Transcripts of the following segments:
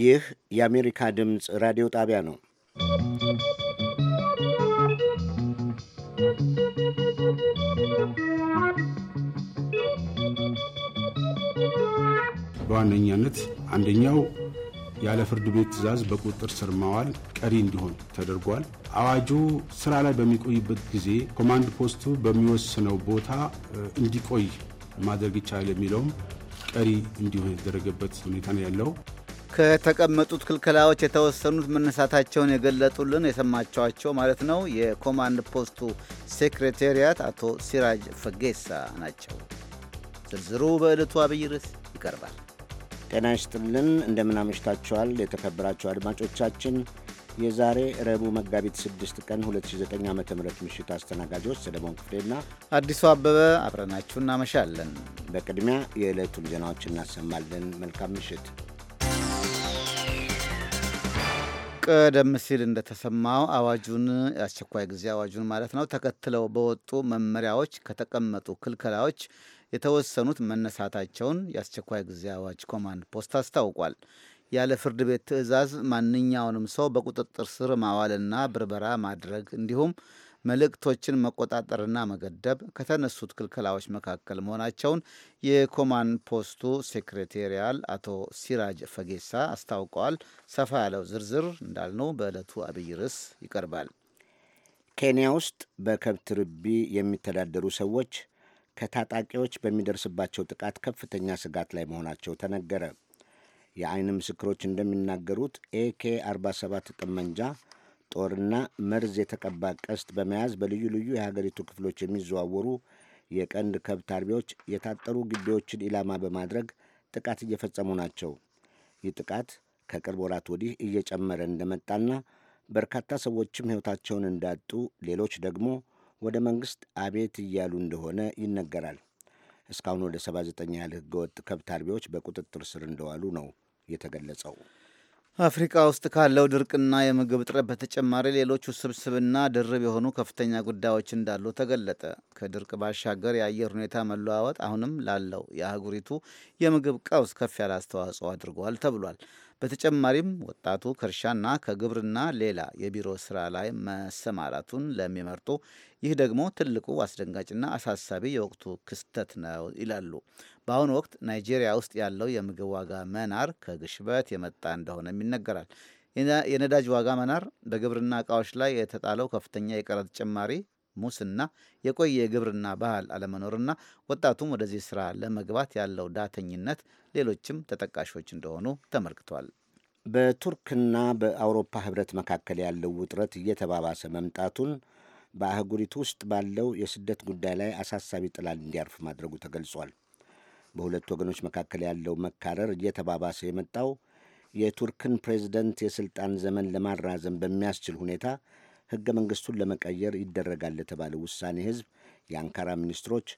ይህ የአሜሪካ ድምፅ ራዲዮ ጣቢያ ነው። በዋነኛነት አንደኛው ያለ ፍርድ ቤት ትዕዛዝ በቁጥጥር ስር ማዋል ቀሪ እንዲሆን ተደርጓል። አዋጁ ስራ ላይ በሚቆይበት ጊዜ ኮማንድ ፖስቱ በሚወስነው ቦታ እንዲቆይ ማድረግ ይቻላል የሚለውም ቀሪ እንዲሆን የተደረገበት ሁኔታ ነው ያለው። ከተቀመጡት ክልከላዎች የተወሰኑት መነሳታቸውን የገለጡልን የሰማችኋቸው ማለት ነው የኮማንድ ፖስቱ ሴክሬታሪያት አቶ ሲራጅ ፈጌሳ ናቸው። ዝርዝሩ በዕለቱ አብይ ርዕስ ይቀርባል። ጤና ይስጥልን፣ እንደምን የተከበራችሁ አድማጮቻችን። የዛሬ ረቡዕ መጋቢት 6 ቀን 2009 ዓ ም ምሽት አስተናጋጆች ሰለሞን ክፍሌና አዲሱ አበበ አብረናችሁ እናመሻለን። በቅድሚያ የዕለቱን ዜናዎች እናሰማለን። መልካም ምሽት። ቀደም ሲል እንደተሰማው አዋጁን አስቸኳይ ጊዜ አዋጁን ማለት ነው ተከትለው በወጡ መመሪያዎች ከተቀመጡ ክልከላዎች የተወሰኑት መነሳታቸውን የአስቸኳይ ጊዜ አዋጅ ኮማንድ ፖስት አስታውቋል። ያለ ፍርድ ቤት ትዕዛዝ ማንኛውንም ሰው በቁጥጥር ስር ማዋልና ብርበራ ማድረግ እንዲሁም መልእክቶችን መቆጣጠርና መገደብ ከተነሱት ክልከላዎች መካከል መሆናቸውን የኮማንድ ፖስቱ ሴክሬቴሪያል አቶ ሲራጅ ፈጌሳ አስታውቀዋል። ሰፋ ያለው ዝርዝር እንዳልነው በዕለቱ አብይ ርዕስ ይቀርባል። ኬንያ ውስጥ በከብት ርቢ የሚተዳደሩ ሰዎች ከታጣቂዎች በሚደርስባቸው ጥቃት ከፍተኛ ስጋት ላይ መሆናቸው ተነገረ። የአይን ምስክሮች እንደሚናገሩት ኤኬ 47 ጠመንጃ ጦርና መርዝ የተቀባ ቀስት በመያዝ በልዩ ልዩ የሀገሪቱ ክፍሎች የሚዘዋወሩ የቀንድ ከብት አርቢዎች የታጠሩ ግቢዎችን ኢላማ በማድረግ ጥቃት እየፈጸሙ ናቸው። ይህ ጥቃት ከቅርብ ወራት ወዲህ እየጨመረ እንደመጣና በርካታ ሰዎችም ሕይወታቸውን እንዳጡ፣ ሌሎች ደግሞ ወደ መንግሥት አቤት እያሉ እንደሆነ ይነገራል። እስካሁን ወደ 79 ያህል ሕገወጥ ከብት አርቢዎች በቁጥጥር ስር እንደዋሉ ነው የተገለጸው። አፍሪካ ውስጥ ካለው ድርቅና የምግብ እጥረት በተጨማሪ ሌሎች ውስብስብና ድርብ የሆኑ ከፍተኛ ጉዳዮች እንዳሉ ተገለጠ። ከድርቅ ባሻገር የአየር ሁኔታ መለዋወጥ አሁንም ላለው የአህጉሪቱ የምግብ ቀውስ ከፍ ያለ አስተዋጽኦ አድርጓል ተብሏል። በተጨማሪም ወጣቱ ከእርሻና ከግብርና ሌላ የቢሮ ስራ ላይ መሰማራቱን ለሚመርጡ ይህ ደግሞ ትልቁ አስደንጋጭና አሳሳቢ የወቅቱ ክስተት ነው ይላሉ። በአሁኑ ወቅት ናይጄሪያ ውስጥ ያለው የምግብ ዋጋ መናር ከግሽበት የመጣ እንደሆነም ይነገራል። የነዳጅ ዋጋ መናር፣ በግብርና እቃዎች ላይ የተጣለው ከፍተኛ የቀረጥ ጭማሪ፣ ሙስና፣ የቆየ የግብርና ባህል አለመኖርና ወጣቱም ወደዚህ ስራ ለመግባት ያለው ዳተኝነት ሌሎችም ተጠቃሾች እንደሆኑ ተመልክቷል። በቱርክና በአውሮፓ ህብረት መካከል ያለው ውጥረት እየተባባሰ መምጣቱን በአህጉሪቱ ውስጥ ባለው የስደት ጉዳይ ላይ አሳሳቢ ጥላል እንዲያርፍ ማድረጉ ተገልጿል። በሁለቱ ወገኖች መካከል ያለው መካረር እየተባባሰ የመጣው የቱርክን ፕሬዝደንት የሥልጣን ዘመን ለማራዘም በሚያስችል ሁኔታ ሕገ መንግሥቱን ለመቀየር ይደረጋል ለተባለ ውሳኔ ሕዝብ የአንካራ ሚኒስትሮች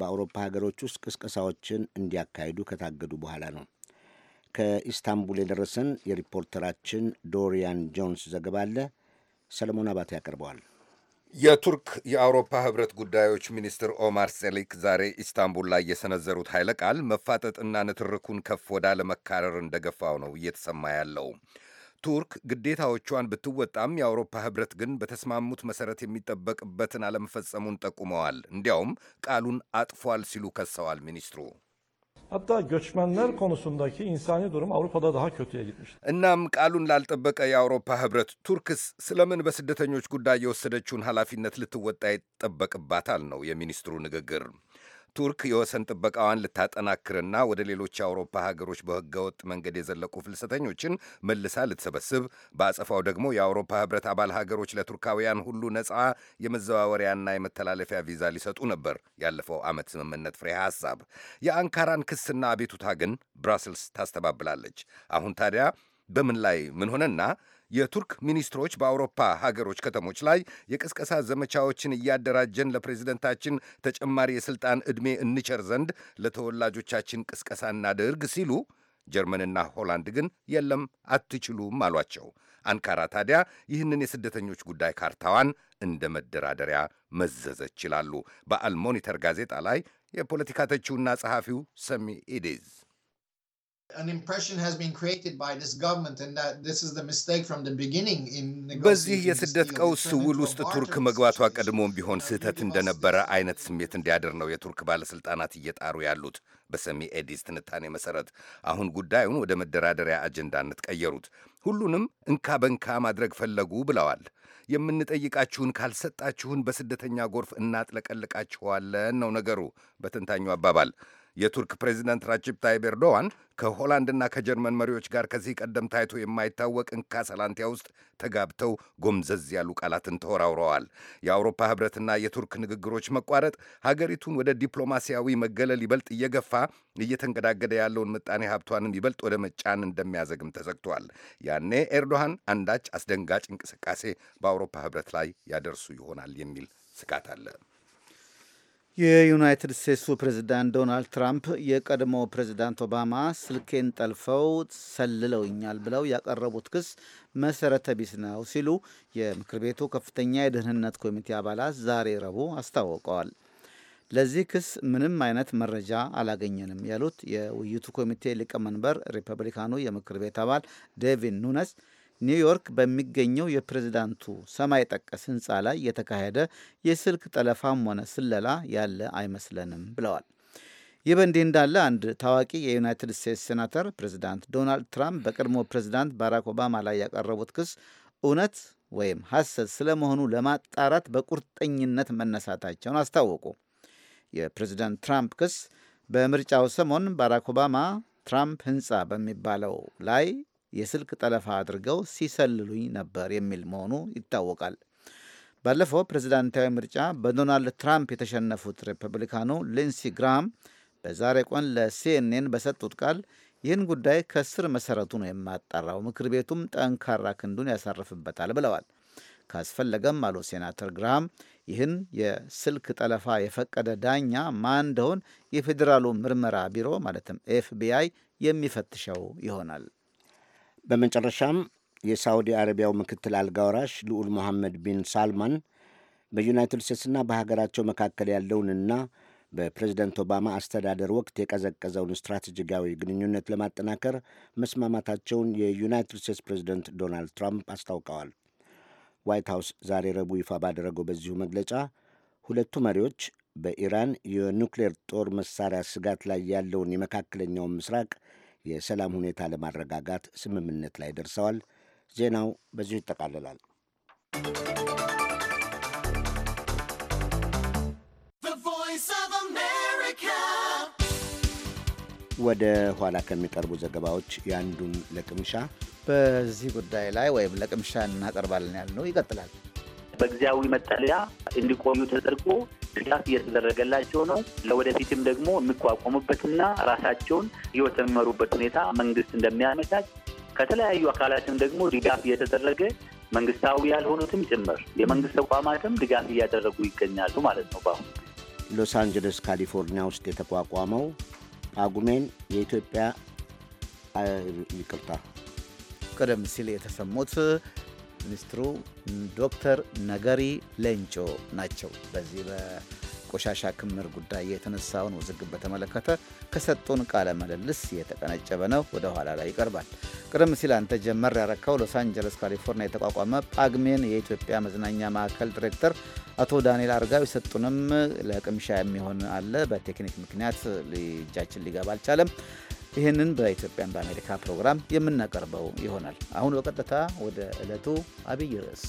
በአውሮፓ ሀገሮች ውስጥ ቅስቀሳዎችን እንዲያካሂዱ ከታገዱ በኋላ ነው። ከኢስታንቡል የደረሰን የሪፖርተራችን ዶሪያን ጆንስ ዘገባ አለ። ሰለሞን አባት ያቀርበዋል። የቱርክ የአውሮፓ ህብረት ጉዳዮች ሚኒስትር ኦማር ሴሊክ ዛሬ ኢስታንቡል ላይ የሰነዘሩት ኃይለ ቃል መፋጠጥና ንትርኩን ከፍ ወዳለ መካረር እንደገፋው ነው እየተሰማ ያለው። ቱርክ ግዴታዎቿን ብትወጣም የአውሮፓ ህብረት ግን በተስማሙት መሰረት የሚጠበቅበትን አለመፈጸሙን ጠቁመዋል። እንዲያውም ቃሉን አጥፏል ሲሉ ከሰዋል ሚኒስትሩ። እናም ቃሉን ላልጠበቀ የአውሮፓ ህብረት ቱርክስ ስለምን በስደተኞች ጉዳይ የወሰደችውን ኃላፊነት ልትወጣ ይጠበቅባታል ነው የሚኒስትሩ ንግግር። ቱርክ የወሰን ጥበቃዋን ልታጠናክርና ወደ ሌሎች የአውሮፓ ሀገሮች በህገወጥ መንገድ የዘለቁ ፍልሰተኞችን መልሳ ልትሰበስብ፣ በአጸፋው ደግሞ የአውሮፓ ህብረት አባል ሀገሮች ለቱርካውያን ሁሉ ነጻ የመዘዋወሪያና የመተላለፊያ ቪዛ ሊሰጡ ነበር ያለፈው ዓመት ስምምነት ፍሬ ሐሳብ። የአንካራን ክስና አቤቱታ ግን ብራስልስ ታስተባብላለች። አሁን ታዲያ በምን ላይ ምን ሆነና የቱርክ ሚኒስትሮች በአውሮፓ ሀገሮች ከተሞች ላይ የቅስቀሳ ዘመቻዎችን እያደራጀን ለፕሬዚደንታችን ተጨማሪ የሥልጣን ዕድሜ እንቸር ዘንድ ለተወላጆቻችን ቅስቀሳ እናድርግ ሲሉ ጀርመንና ሆላንድ ግን የለም አትችሉም አሏቸው። አንካራ ታዲያ ይህንን የስደተኞች ጉዳይ ካርታዋን እንደ መደራደሪያ መዘዘች ይችላሉ። በአልሞኒተር ጋዜጣ ላይ የፖለቲካ ተቺውና ጸሐፊው ሰሚ ኢዴዝ በዚህ የስደት ቀውስ ውል ውስጥ ቱርክ መግባቷ ቀድሞም ቢሆን ስህተት እንደነበረ አይነት ስሜት እንዲያድር ነው የቱርክ ባለስልጣናት እየጣሩ ያሉት። በሰሚ ኤዲስ ትንታኔ መሰረት አሁን ጉዳዩን ወደ መደራደሪያ አጀንዳነት ቀየሩት። ሁሉንም እንካ በንካ ማድረግ ፈለጉ ብለዋል። የምንጠይቃችሁን ካልሰጣችሁን በስደተኛ ጎርፍ እናጥለቀልቃችኋለን ነው ነገሩ በተንታኙ አባባል የቱርክ ፕሬዚደንት ራጅብ ታይብ ኤርዶዋን ከሆላንድና ከጀርመን መሪዎች ጋር ከዚህ ቀደም ታይቶ የማይታወቅ እንካ ሰላንቲያ ውስጥ ተጋብተው ጎምዘዝ ያሉ ቃላትን ተወራውረዋል። የአውሮፓ ህብረትና የቱርክ ንግግሮች መቋረጥ ሀገሪቱን ወደ ዲፕሎማሲያዊ መገለል ይበልጥ እየገፋ እየተንገዳገደ ያለውን ምጣኔ ሀብቷንም ይበልጥ ወደ መጫን እንደሚያዘግም ተዘግቷል። ያኔ ኤርዶሃን አንዳች አስደንጋጭ እንቅስቃሴ በአውሮፓ ህብረት ላይ ያደርሱ ይሆናል የሚል ስጋት አለ። የዩናይትድ ስቴትሱ ፕሬዝዳንት ዶናልድ ትራምፕ የቀድሞ ፕሬዝዳንት ኦባማ ስልኬን ጠልፈው ሰልለውኛል ብለው ያቀረቡት ክስ መሰረተ ቢስ ነው ሲሉ የምክር ቤቱ ከፍተኛ የደህንነት ኮሚቴ አባላት ዛሬ ረቡዕ አስታውቀዋል። ለዚህ ክስ ምንም አይነት መረጃ አላገኘንም ያሉት የውይይቱ ኮሚቴ ሊቀመንበር ሪፐብሊካኑ የምክር ቤት አባል ዴቪን ኑነስ ኒውዮርክ በሚገኘው የፕሬዝዳንቱ ሰማይ ጠቀስ ህንፃ ላይ የተካሄደ የስልክ ጠለፋም ሆነ ስለላ ያለ አይመስለንም ብለዋል። ይህ በእንዲህ እንዳለ አንድ ታዋቂ የዩናይትድ ስቴትስ ሴናተር ፕሬዝዳንት ዶናልድ ትራምፕ በቀድሞ ፕሬዝዳንት ባራክ ኦባማ ላይ ያቀረቡት ክስ እውነት ወይም ሐሰት ስለመሆኑ ለማጣራት በቁርጠኝነት መነሳታቸውን አስታወቁ። የፕሬዚዳንት ትራምፕ ክስ በምርጫው ሰሞን ባራክ ኦባማ ትራምፕ ሕንፃ በሚባለው ላይ የስልክ ጠለፋ አድርገው ሲሰልሉኝ ነበር የሚል መሆኑ ይታወቃል። ባለፈው ፕሬዝዳንታዊ ምርጫ በዶናልድ ትራምፕ የተሸነፉት ሪፐብሊካኑ ሊንሲ ግራም በዛሬ ቀን ለሲኤንኤን በሰጡት ቃል ይህን ጉዳይ ከስር መሰረቱ ነው የማጣራው፣ ምክር ቤቱም ጠንካራ ክንዱን ያሳርፍበታል ብለዋል። ካስፈለገም አሉ ሴናተር ግራም ይህን የስልክ ጠለፋ የፈቀደ ዳኛ ማን እንደሆን የፌዴራሉ ምርመራ ቢሮ ማለትም ኤፍቢአይ የሚፈትሸው ይሆናል። በመጨረሻም የሳዑዲ አረቢያው ምክትል አልጋወራሽ ልዑል መሐመድ ቢን ሳልማን በዩናይትድ ስቴትስና በሀገራቸው መካከል ያለውንና በፕሬዝደንት ኦባማ አስተዳደር ወቅት የቀዘቀዘውን ስትራቴጂካዊ ግንኙነት ለማጠናከር መስማማታቸውን የዩናይትድ ስቴትስ ፕሬዝደንት ዶናልድ ትራምፕ አስታውቀዋል። ዋይት ሀውስ ዛሬ ረቡዕ ይፋ ባደረገው በዚሁ መግለጫ ሁለቱ መሪዎች በኢራን የኑክሌር ጦር መሳሪያ ስጋት ላይ ያለውን የመካከለኛውን ምስራቅ የሰላም ሁኔታ ለማረጋጋት ስምምነት ላይ ደርሰዋል። ዜናው በዚሁ ይጠቃልላል። ወደ ኋላ ከሚቀርቡ ዘገባዎች የአንዱን ለቅምሻ በዚህ ጉዳይ ላይ ወይም ለቅምሻ እናቀርባለን ያልነው ይቀጥላል። በጊዜያዊ መጠለያ እንዲቆዩ ተደርጎ ድጋፍ እየተደረገላቸው ነው። ለወደፊትም ደግሞ የሚቋቋሙበትና ራሳቸውን ህይወት የሚመሩበት ሁኔታ መንግስት እንደሚያመቻች ከተለያዩ አካላትም ደግሞ ድጋፍ እየተደረገ መንግስታዊ ያልሆኑትም ጭምር የመንግስት ተቋማትም ድጋፍ እያደረጉ ይገኛሉ ማለት ነው። በአሁኑ ሎስ አንጀለስ ካሊፎርኒያ ውስጥ የተቋቋመው አጉሜን የኢትዮጵያ ይቅርታ፣ ቀደም ሲል የተሰሙት ሚኒስትሩ ዶክተር ነገሪ ሌንጮ ናቸው። በዚህ በቆሻሻ ክምር ጉዳይ የተነሳውን ውዝግብ በተመለከተ ከሰጡን ቃለ ምልልስ የተቀነጨበ ነው። ወደ ኋላ ላይ ይቀርባል። ቅድም ሲል አንተ ጀመር ያረካው ሎስ አንጀለስ ካሊፎርኒያ የተቋቋመ ጳግሜን የኢትዮጵያ መዝናኛ ማዕከል ዲሬክተር አቶ ዳንኤል አርጋው የሰጡንም ለቅምሻ የሚሆን አለ። በቴክኒክ ምክንያት ልጃችን ሊገባ አልቻለም። ይህንን በኢትዮጵያን በአሜሪካ ፕሮግራም የምናቀርበው ይሆናል። አሁን በቀጥታ ወደ ዕለቱ አብይ ርዕስ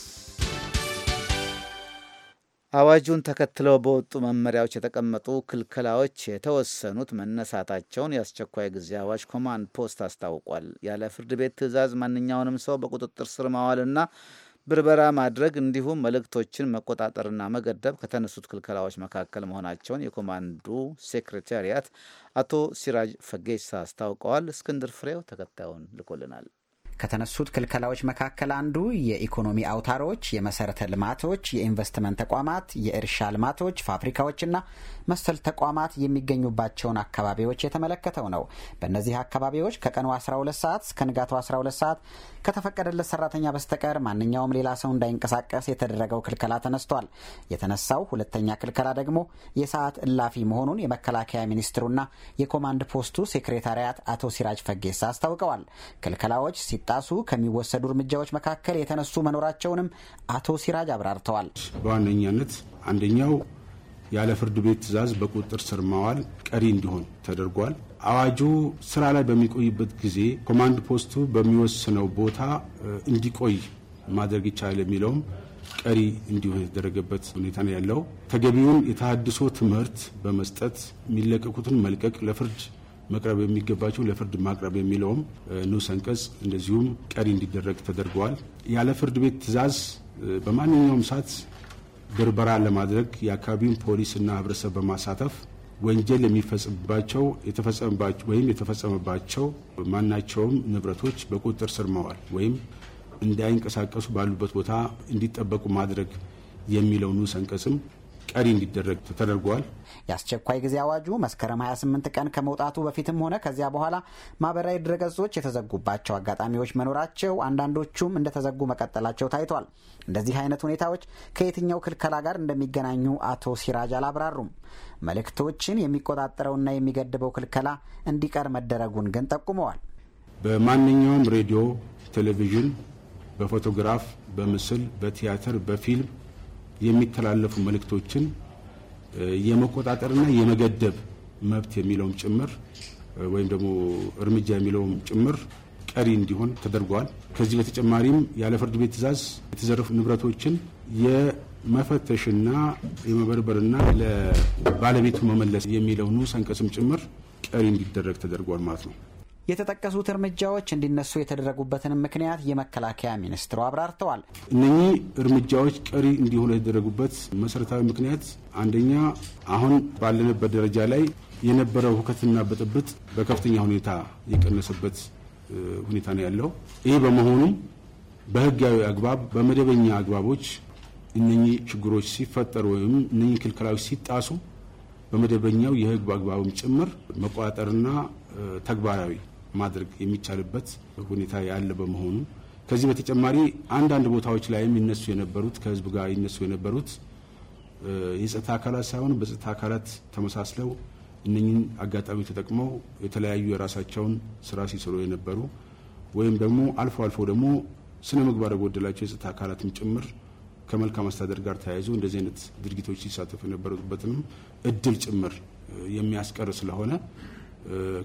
አዋጁን ተከትለው በወጡ መመሪያዎች የተቀመጡ ክልከላዎች የተወሰኑት መነሳታቸውን የአስቸኳይ ጊዜ አዋጅ ኮማንድ ፖስት አስታውቋል። ያለ ፍርድ ቤት ትዕዛዝ ማንኛውንም ሰው በቁጥጥር ስር ማዋልና ብርበራ ማድረግ እንዲሁም መልእክቶችን መቆጣጠርና መገደብ ከተነሱት ክልከላዎች መካከል መሆናቸውን የኮማንዱ ሴክሬታሪያት አቶ ሲራጅ ፈጌሳ አስታውቀዋል። እስክንድር ፍሬው ተከታዩን ልኮልናል። ከተነሱት ክልከላዎች መካከል አንዱ የኢኮኖሚ አውታሮች፣ የመሰረተ ልማቶች፣ የኢንቨስትመንት ተቋማት፣ የእርሻ ልማቶች፣ ፋብሪካዎችና መሰል ተቋማት የሚገኙባቸውን አካባቢዎች የተመለከተው ነው። በእነዚህ አካባቢዎች ከቀኑ 12 ሰዓት እስከ ንጋቱ 12 ሰዓት ከተፈቀደለት ሰራተኛ በስተቀር ማንኛውም ሌላ ሰው እንዳይንቀሳቀስ የተደረገው ክልከላ ተነስቷል። የተነሳው ሁለተኛ ክልከላ ደግሞ የሰዓት እላፊ መሆኑን የመከላከያ ሚኒስትሩና የኮማንድ ፖስቱ ሴክሬታሪያት አቶ ሲራጅ ፈጌሳ አስታውቀዋል። ክልከላዎች እንዳይጣሱ ከሚወሰዱ እርምጃዎች መካከል የተነሱ መኖራቸውንም አቶ ሲራጅ አብራርተዋል። በዋነኛነት አንደኛው ያለ ፍርድ ቤት ትዕዛዝ በቁጥጥር ስር ማዋል ቀሪ እንዲሆን ተደርጓል። አዋጁ ስራ ላይ በሚቆይበት ጊዜ ኮማንድ ፖስቱ በሚወስነው ቦታ እንዲቆይ ማድረግ ይቻላል የሚለውም ቀሪ እንዲሆን የተደረገበት ሁኔታ ነው ያለው። ተገቢውን የተሃድሶ ትምህርት በመስጠት የሚለቀቁትን መልቀቅ፣ ለፍርድ መቅረብ የሚገባቸው ለፍርድ ማቅረብ የሚለውም ንዑስ አንቀጽ እንደዚሁም ቀሪ እንዲደረግ ተደርገዋል። ያለ ፍርድ ቤት ትዕዛዝ በማንኛውም ሰዓት ብርበራ ለማድረግ የአካባቢውን ፖሊስና ህብረተሰብ በማሳተፍ ወንጀል የሚፈጽምባቸው ወይም የተፈጸመባቸው ማናቸውም ንብረቶች በቁጥጥር ስር መዋል ወይም እንዳይንቀሳቀሱ ባሉበት ቦታ እንዲጠበቁ ማድረግ የሚለው ንዑስ አንቀጽም ቀሪ እንዲደረግ ተደርጓል። የአስቸኳይ ጊዜ አዋጁ መስከረም 28 ቀን ከመውጣቱ በፊትም ሆነ ከዚያ በኋላ ማህበራዊ ድረገጾች የተዘጉባቸው አጋጣሚዎች መኖራቸው፣ አንዳንዶቹም እንደተዘጉ መቀጠላቸው ታይቷል። እንደዚህ አይነት ሁኔታዎች ከየትኛው ክልከላ ጋር እንደሚገናኙ አቶ ሲራጅ አላብራሩም። መልእክቶችን የሚቆጣጠረውና የሚገድበው ክልከላ እንዲቀር መደረጉን ግን ጠቁመዋል። በማንኛውም ሬዲዮ፣ ቴሌቪዥን፣ በፎቶግራፍ፣ በምስል፣ በቲያትር፣ በፊልም የሚተላለፉ መልእክቶችን የመቆጣጠርና የመገደብ መብት የሚለውም ጭምር ወይም ደግሞ እርምጃ የሚለውም ጭምር ቀሪ እንዲሆን ተደርጓል። ከዚህ በተጨማሪም ያለ ፍርድ ቤት ትዕዛዝ የተዘረፉ ንብረቶችን የመፈተሽና የመበርበርና ለባለቤቱ መመለስ የሚለው ንዑስ አንቀጽም ጭምር ቀሪ እንዲደረግ ተደርጓል ማለት ነው። የተጠቀሱት እርምጃዎች እንዲነሱ የተደረጉበትንም ምክንያት የመከላከያ ሚኒስትሩ አብራርተዋል። እነኚህ እርምጃዎች ቀሪ እንዲሆኑ የተደረጉበት መሰረታዊ ምክንያት አንደኛ አሁን ባለንበት ደረጃ ላይ የነበረው ሁከትና ብጥብጥ በከፍተኛ ሁኔታ የቀነሰበት ሁኔታ ነው ያለው። ይህ በመሆኑም በህጋዊ አግባብ በመደበኛ አግባቦች እነኚህ ችግሮች ሲፈጠሩ ወይም እነኚህ ክልከላዎች ሲጣሱ በመደበኛው የህግ አግባብም ጭምር መቆጣጠርና ተግባራዊ ማድረግ የሚቻልበት ሁኔታ ያለ በመሆኑ ከዚህ በተጨማሪ አንዳንድ ቦታዎች ላይም ይነሱ የነበሩት ከህዝብ ጋር ይነሱ የነበሩት የጸጥታ አካላት ሳይሆን በጸጥታ አካላት ተመሳስለው እነኝን አጋጣሚ ተጠቅመው የተለያዩ የራሳቸውን ስራ ሲሰሩ የነበሩ ወይም ደግሞ አልፎ አልፎ ደግሞ ስነ ምግባር የጎደላቸው የጸጥታ አካላትም ጭምር ከመልካም አስተዳደር ጋር ተያይዞ እንደዚህ አይነት ድርጊቶች ሲሳተፉ የነበሩበትንም እድል ጭምር የሚያስቀር ስለሆነ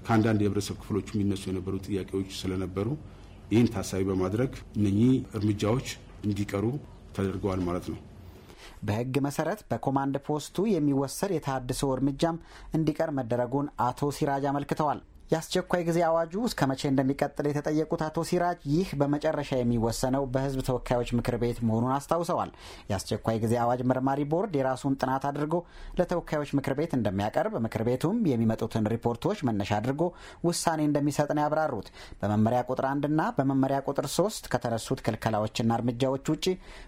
ከአንዳንድ የህብረተሰብ ክፍሎች የሚነሱ የነበሩ ጥያቄዎች ስለነበሩ ይህን ታሳቢ በማድረግ እነኚህ እርምጃዎች እንዲቀሩ ተደርገዋል ማለት ነው። በህግ መሰረት በኮማንድ ፖስቱ የሚወሰድ የተሃድሶ እርምጃም እንዲቀር መደረጉን አቶ ሲራጅ አመልክተዋል። የአስቸኳይ ጊዜ አዋጁ እስከ መቼ እንደሚቀጥል የተጠየቁት አቶ ሲራጅ ይህ በመጨረሻ የሚወሰነው በሕዝብ ተወካዮች ምክር ቤት መሆኑን አስታውሰዋል። የአስቸኳይ ጊዜ አዋጅ መርማሪ ቦርድ የራሱን ጥናት አድርጎ ለተወካዮች ምክር ቤት እንደሚያቀርብ፣ ምክር ቤቱም የሚመጡትን ሪፖርቶች መነሻ አድርጎ ውሳኔ እንደሚሰጥ ነው ያብራሩት። በመመሪያ ቁጥር አንድና በመመሪያ ቁጥር ሶስት ከተነሱት ክልከላዎችና እርምጃዎች ውጭ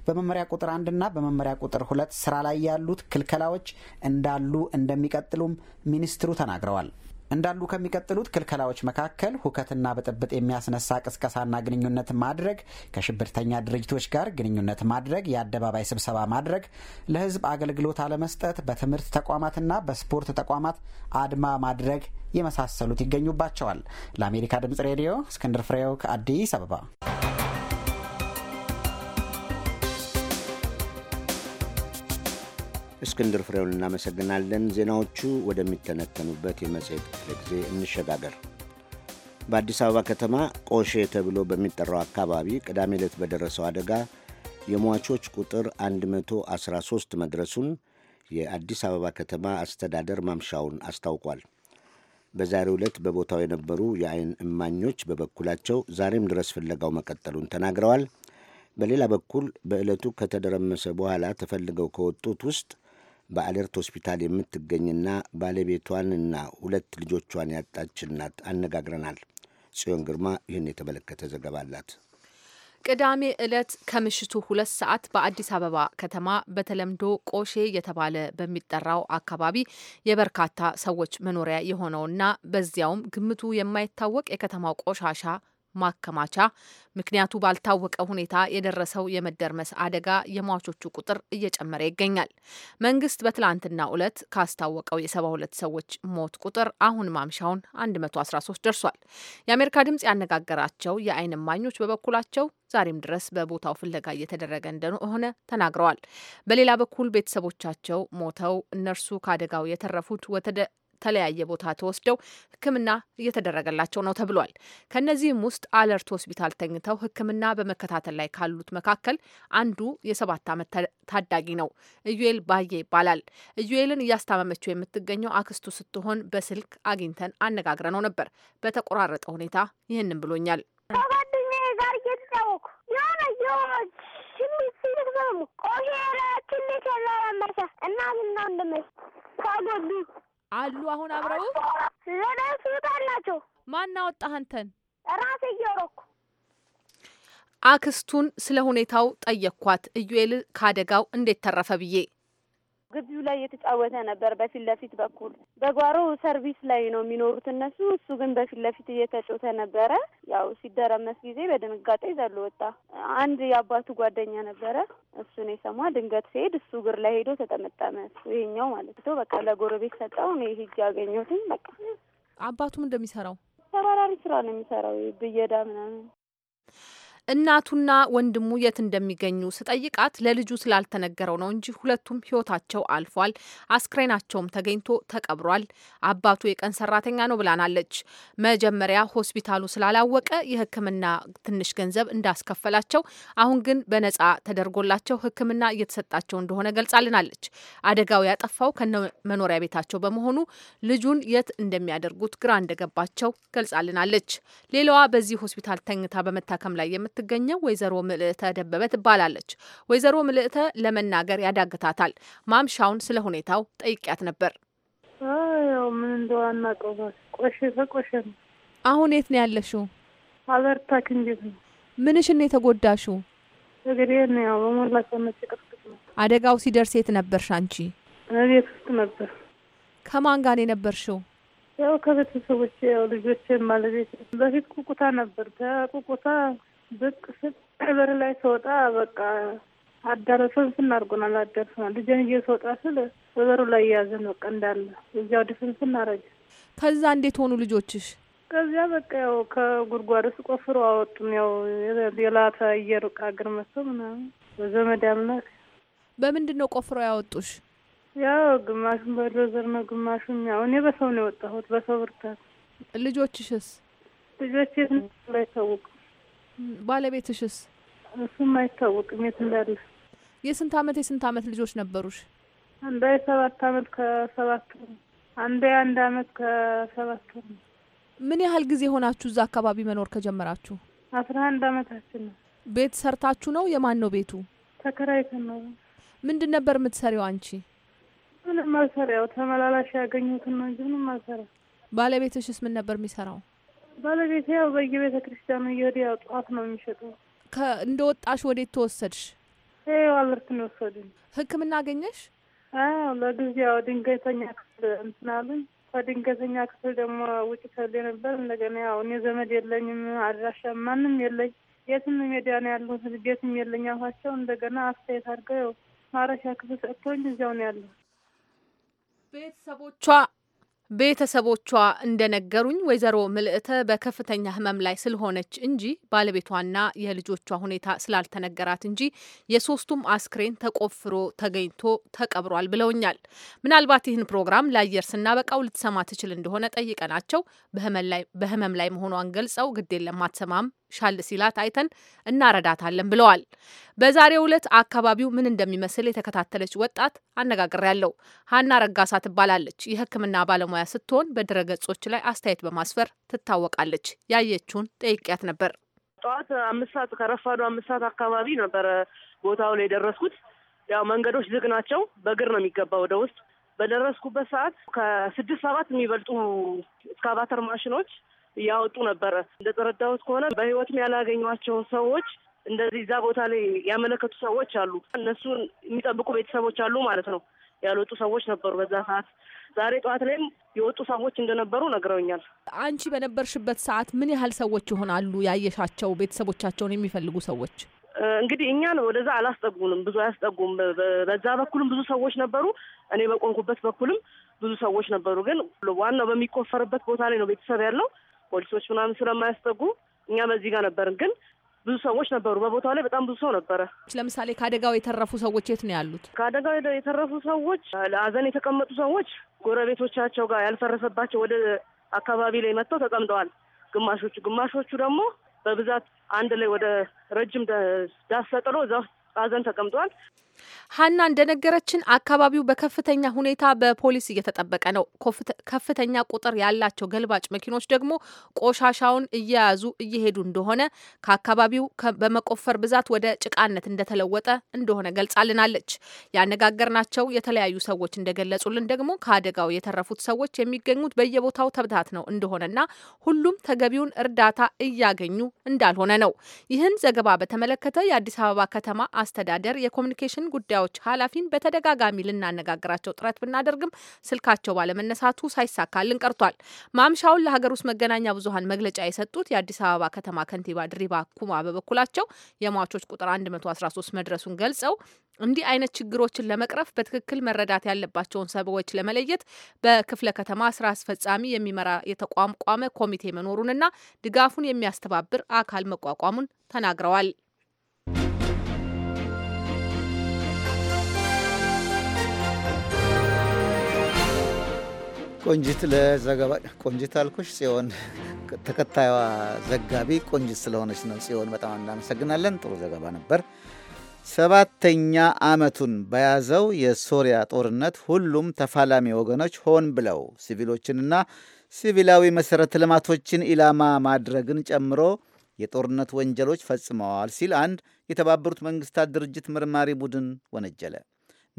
በመመሪያ ቁጥር አንድና በመመሪያ ቁጥር ሁለት ስራ ላይ ያሉት ክልከላዎች እንዳሉ እንደሚቀጥሉም ሚኒስትሩ ተናግረዋል። እንዳሉ ከሚቀጥሉት ክልከላዎች መካከል ሁከትና ብጥብጥ የሚያስነሳ ቅስቀሳና ግንኙነት ማድረግ፣ ከሽብርተኛ ድርጅቶች ጋር ግንኙነት ማድረግ፣ የአደባባይ ስብሰባ ማድረግ፣ ለሕዝብ አገልግሎት አለመስጠት፣ በትምህርት ተቋማትና በስፖርት ተቋማት አድማ ማድረግ የመሳሰሉት ይገኙባቸዋል። ለአሜሪካ ድምጽ ሬዲዮ እስክንድር ፍሬው ከአዲስ አበባ እስክንድር ፍሬውን እናመሰግናለን። ዜናዎቹ ወደሚተነተኑበት የመጽሔት ክፍለ ጊዜ እንሸጋገር። በአዲስ አበባ ከተማ ቆሼ ተብሎ በሚጠራው አካባቢ ቅዳሜ ዕለት በደረሰው አደጋ የሟቾች ቁጥር 113 መድረሱን የአዲስ አበባ ከተማ አስተዳደር ማምሻውን አስታውቋል። በዛሬው ዕለት በቦታው የነበሩ የአይን እማኞች በበኩላቸው ዛሬም ድረስ ፍለጋው መቀጠሉን ተናግረዋል። በሌላ በኩል በዕለቱ ከተደረመሰ በኋላ ተፈልገው ከወጡት ውስጥ በአሌርት ሆስፒታል የምትገኝና ባለቤቷንና ሁለት ልጆቿን ያጣች እናት አነጋግረናል። ጽዮን ግርማ ይህን የተመለከተ ዘገባ አላት። ቅዳሜ ዕለት ከምሽቱ ሁለት ሰዓት በአዲስ አበባ ከተማ በተለምዶ ቆሼ የተባለ በሚጠራው አካባቢ የበርካታ ሰዎች መኖሪያ የሆነውና በዚያውም ግምቱ የማይታወቅ የከተማው ቆሻሻ ማከማቻ ምክንያቱ ባልታወቀ ሁኔታ የደረሰው የመደርመስ አደጋ የሟቾቹ ቁጥር እየጨመረ ይገኛል። መንግስት በትላንትና ዕለት ካስታወቀው የ72 ሰዎች ሞት ቁጥር አሁን ማምሻውን 113 ደርሷል። የአሜሪካ ድምጽ ያነጋገራቸው የአይን እማኞች በበኩላቸው ዛሬም ድረስ በቦታው ፍለጋ እየተደረገ እንደሆነ ተናግረዋል። በሌላ በኩል ቤተሰቦቻቸው ሞተው እነርሱ ከአደጋው የተረፉት ተለያየ ቦታ ተወስደው ሕክምና እየተደረገላቸው ነው ተብሏል። ከእነዚህም ውስጥ አለርት ሆስፒታል ተኝተው ሕክምና በመከታተል ላይ ካሉት መካከል አንዱ የሰባት ዓመት ታዳጊ ነው። እዩኤል ባዬ ይባላል። እዩኤልን እያስታመመችው የምትገኘው አክስቱ ስትሆን በስልክ አግኝተን ነው ነበር። በተቆራረጠ ሁኔታ ይህንን ብሎኛል። ቆሄ ትንሽ እና ከጎዱ አሉ አሁን አብረው ለነሱ ይወጣላቸው። ማን አወጣህ አንተን? ራሴ እየሮኩ አክስቱን ስለ ሁኔታው ጠየቅኳት። ኢዩኤል ካደጋው እንዴት ተረፈ ብዬ ግቢው ላይ እየተጫወተ ነበር በፊት ለፊት በኩል። በጓሮ ሰርቪስ ላይ ነው የሚኖሩት እነሱ። እሱ ግን በፊት ለፊት እየተጮተ ነበረ። ያው ሲደረመስ ጊዜ በድንጋጤ ዘሎ ወጣ። አንድ የአባቱ ጓደኛ ነበረ፣ እሱን የሰማ ድንገት ሲሄድ እሱ እግር ላይ ሄዶ ተጠመጠመ። እሱ ይሄኛው ማለት ነው። በቃ ለጎረቤት ሰጠው። እኔ ሂጅ ያገኘሁትኝ በቃ አባቱም እንደሚሰራው ተባራሪ ስራ ነው የሚሰራው ብየዳ ምናምን እናቱና ወንድሙ የት እንደሚገኙ ስጠይቃት ለልጁ ስላልተነገረው ነው እንጂ ሁለቱም ህይወታቸው አልፏል፣ አስክሬናቸውም ተገኝቶ ተቀብሯል፣ አባቱ የቀን ሰራተኛ ነው ብላናለች። መጀመሪያ ሆስፒታሉ ስላላወቀ የህክምና ትንሽ ገንዘብ እንዳስከፈላቸው፣ አሁን ግን በነጻ ተደርጎላቸው ህክምና እየተሰጣቸው እንደሆነ ገልጻልናለች። አደጋው ያጠፋው ከነ መኖሪያ ቤታቸው በመሆኑ ልጁን የት እንደሚያደርጉት ግራ እንደገባቸው ገልጻልናለች። ሌላዋ በዚህ ሆስፒታል ተኝታ በመታከም ላይ የምትገኘው ወይዘሮ ምልእተ ደበበ ትባላለች። ወይዘሮ ምልእተ ለመናገር ያዳግታታል። ማምሻውን ስለ ሁኔታው ጠይቂያት ነበር። ያው ምን እንደሆነ አናውቀውም። ቆሸፈ ቆሸፈ። አሁን የት ነው ያለሽው? አበርታ ክንዴት ነው። ምንሽን ነው የተጎዳሽው? እግሬ ነው ያው በሞላ ሰውነት ቅርቅት አደጋው ሲደርስ የት ነበርሽ አንቺ? ቤት ውስጥ ነበር። ከማን ጋር ነው የነበርሽው? ያው ከቤተሰቦች ያው ልጆቼ፣ ባለቤት በፊት ቁቁታ ነበር። ከቁቁታ ብቅ ስል በር ላይ ስወጣ በቃ አዳረሰን ስናርጎናል አዳርሰናል። ልጄን ይዤ ስወጣ ስል በበሩ ላይ የያዘን በቃ እንዳለ እዚያው ድፍን ስናረግ ከዛ እንዴት ሆኑ ልጆችሽ? ከዚያ በቃ ያው ከጉድጓድ ውስጥ ቆፍሮ አወጡን። ያው ሌላ ተየሩቅ ቃግር መጥቶ ምናምን በዘመድ አምላክ። በምንድን ነው ቆፍሮ ያወጡሽ? ያው ግማሹን በዶዘር ነው ግማሹን ያው እኔ በሰው ነው የወጣሁት፣ በሰው ብርታት። ልጆችሽስ? ልጆች የት እንዳይታወቁ ባለቤትሽስ? እሱም አይታወቅም የት እንዳለ። የስንት አመት የስንት አመት ልጆች ነበሩሽ? አንዷ የሰባት አመት ከሰባት ወር፣ አንዷ የአንድ አመት ከሰባት ወር። ምን ያህል ጊዜ ሆናችሁ እዛ አካባቢ መኖር ከጀመራችሁ? አስራ አንድ አመታችን ነው። ቤት ሰርታችሁ ነው? የማን ነው ቤቱ? ተከራይተን ነው። ምንድን ነበር የምትሰሪው አንቺ? ምንም አልሰራ፣ ያው ተመላላሽ ያገኙትን ነው እንጂ ምንም አልሰራ። ባለቤትሽስ ምን ነበር የሚሰራው? ባለቤት ያው በየቤተ ክርስቲያኑ እየሄዱ ያው ጠዋት ነው የሚሸጡ። እንደ ወጣሽ ወዴት ተወሰድሽ? አለርት ነው የወሰዱኝ። ህክምና አገኘሽ? ለጊዜው ድንገተኛ ክፍል እንትን አሉኝ። ከድንገተኛ ክፍል ደግሞ ውጭ ሰል ነበር። እንደገና ያው እኔ ዘመድ የለኝም፣ አድራሻ ማንም የለኝ፣ የትም ሜዲያ ነው ያለሁት፣ ቤትም የለኝ አልኳቸው። እንደገና አስተያየት አድርገው ማረሻ ክፍል ሰጥቶኝ እዚያው ነው ያለሁት ቤተሰቦቿ ቤተሰቦቿ እንደነገሩኝ ወይዘሮ ምልእተ በከፍተኛ ህመም ላይ ስለሆነች እንጂ ባለቤቷና የልጆቿ ሁኔታ ስላልተነገራት እንጂ የሶስቱም አስክሬን ተቆፍሮ ተገኝቶ ተቀብሯል ብለውኛል። ምናልባት ይህን ፕሮግራም ለአየር ስናበቃው ልትሰማ ትችል እንደሆነ ጠይቀናቸው በህመም ላይ መሆኗን ገልጸው ግዴለም አትሰማም ሻል ሲላት አይተን እናረዳታለን ብለዋል። በዛሬው ዕለት አካባቢው ምን እንደሚመስል የተከታተለች ወጣት ያለው ሀና ረጋሳ ትባላለች። የሕክምና ባለሙያ ስትሆን በድረ ገጾች ላይ አስተያየት በማስፈር ትታወቃለች። ያየችውን ጠይቂያት ነበር። ጠዋት አምስት ሰዓት ከረፋዱ አምስት ሰዓት አካባቢ ነበረ ቦታው ላይ የደረስኩት። ያው መንገዶች ዝግ ናቸው። በእግር ነው የሚገባ ወደ ውስጥ። በደረስኩበት ሰዓት ከስድስት ሰባት የሚበልጡ እስካቫተር ማሽኖች እያወጡ ነበረ። እንደተረዳሁት ከሆነ በህይወትም ያላገኟቸው ሰዎች እንደዚህ እዛ ቦታ ላይ ያመለከቱ ሰዎች አሉ። እነሱን የሚጠብቁ ቤተሰቦች አሉ ማለት ነው። ያልወጡ ሰዎች ነበሩ በዛ ሰዓት። ዛሬ ጠዋት ላይም የወጡ ሰዎች እንደነበሩ ነግረውኛል። አንቺ በነበርሽበት ሰዓት ምን ያህል ሰዎች ይሆናሉ ያየሻቸው? ቤተሰቦቻቸውን የሚፈልጉ ሰዎች እንግዲህ እኛን ወደዛ አላስጠጉንም፣ ብዙ አያስጠጉም። በዛ በኩልም ብዙ ሰዎች ነበሩ፣ እኔ በቆምኩበት በኩልም ብዙ ሰዎች ነበሩ። ግን ዋናው በሚቆፈርበት ቦታ ላይ ነው ቤተሰብ ያለው። ፖሊሶች ምናምን ስለማያስጠጉ እኛ በዚህ ጋር ነበርን። ግን ብዙ ሰዎች ነበሩ በቦታው ላይ በጣም ብዙ ሰው ነበረ። ለምሳሌ ከአደጋው የተረፉ ሰዎች የት ነው ያሉት? ከአደጋው የተረፉ ሰዎች ለአዘን የተቀመጡ ሰዎች ጎረቤቶቻቸው ጋር ያልፈረሰባቸው ወደ አካባቢ ላይ መጥተው ተቀምጠዋል። ግማሾቹ ግማሾቹ ደግሞ በብዛት አንድ ላይ ወደ ረጅም ዳስ ሰቅሎ እዛ ውስጥ ተቀምጠዋል። ሀና እንደነገረችን አካባቢው በከፍተኛ ሁኔታ በፖሊስ እየተጠበቀ ነው። ከፍተኛ ቁጥር ያላቸው ገልባጭ መኪኖች ደግሞ ቆሻሻውን እየያዙ እየሄዱ እንደሆነ፣ ከአካባቢው በመቆፈር ብዛት ወደ ጭቃነት እንደተለወጠ እንደሆነ ገልጻልናለች። ያነጋገርናቸው የተለያዩ ሰዎች እንደገለጹልን ደግሞ ከአደጋው የተረፉት ሰዎች የሚገኙት በየቦታው ተብታት ነው እንደሆነና ሁሉም ተገቢውን እርዳታ እያገኙ እንዳልሆነ ነው። ይህን ዘገባ በተመለከተ የአዲስ አበባ ከተማ አስተዳደር የኮሚኒኬሽን ኮሚኒኬሽን ጉዳዮች ኃላፊን በተደጋጋሚ ልናነጋግራቸው ጥረት ብናደርግም ስልካቸው ባለመነሳቱ ሳይሳካልን ቀርቷል። ማምሻውን ለሀገር ውስጥ መገናኛ ብዙኃን መግለጫ የሰጡት የአዲስ አበባ ከተማ ከንቲባ ድሪባ ኩማ በበኩላቸው የሟቾች ቁጥር 113 መድረሱን ገልጸው እንዲህ አይነት ችግሮችን ለመቅረፍ በትክክል መረዳት ያለባቸውን ሰዎች ለመለየት በክፍለ ከተማ ስራ አስፈጻሚ የሚመራ የተቋቋመ ኮሚቴ መኖሩንና ድጋፉን የሚያስተባብር አካል መቋቋሙን ተናግረዋል። ቆንጂት ለዘገባ ቆንጂት አልኩሽ ጽዮን ተከታዩዋ ዘጋቢ ቆንጂት ስለሆነች ነው። ጽዮን በጣም እናመሰግናለን። ጥሩ ዘገባ ነበር። ሰባተኛ ዓመቱን በያዘው የሶሪያ ጦርነት ሁሉም ተፋላሚ ወገኖች ሆን ብለው ሲቪሎችንና ሲቪላዊ መሠረተ ልማቶችን ኢላማ ማድረግን ጨምሮ የጦርነት ወንጀሎች ፈጽመዋል ሲል አንድ የተባበሩት መንግስታት ድርጅት መርማሪ ቡድን ወነጀለ።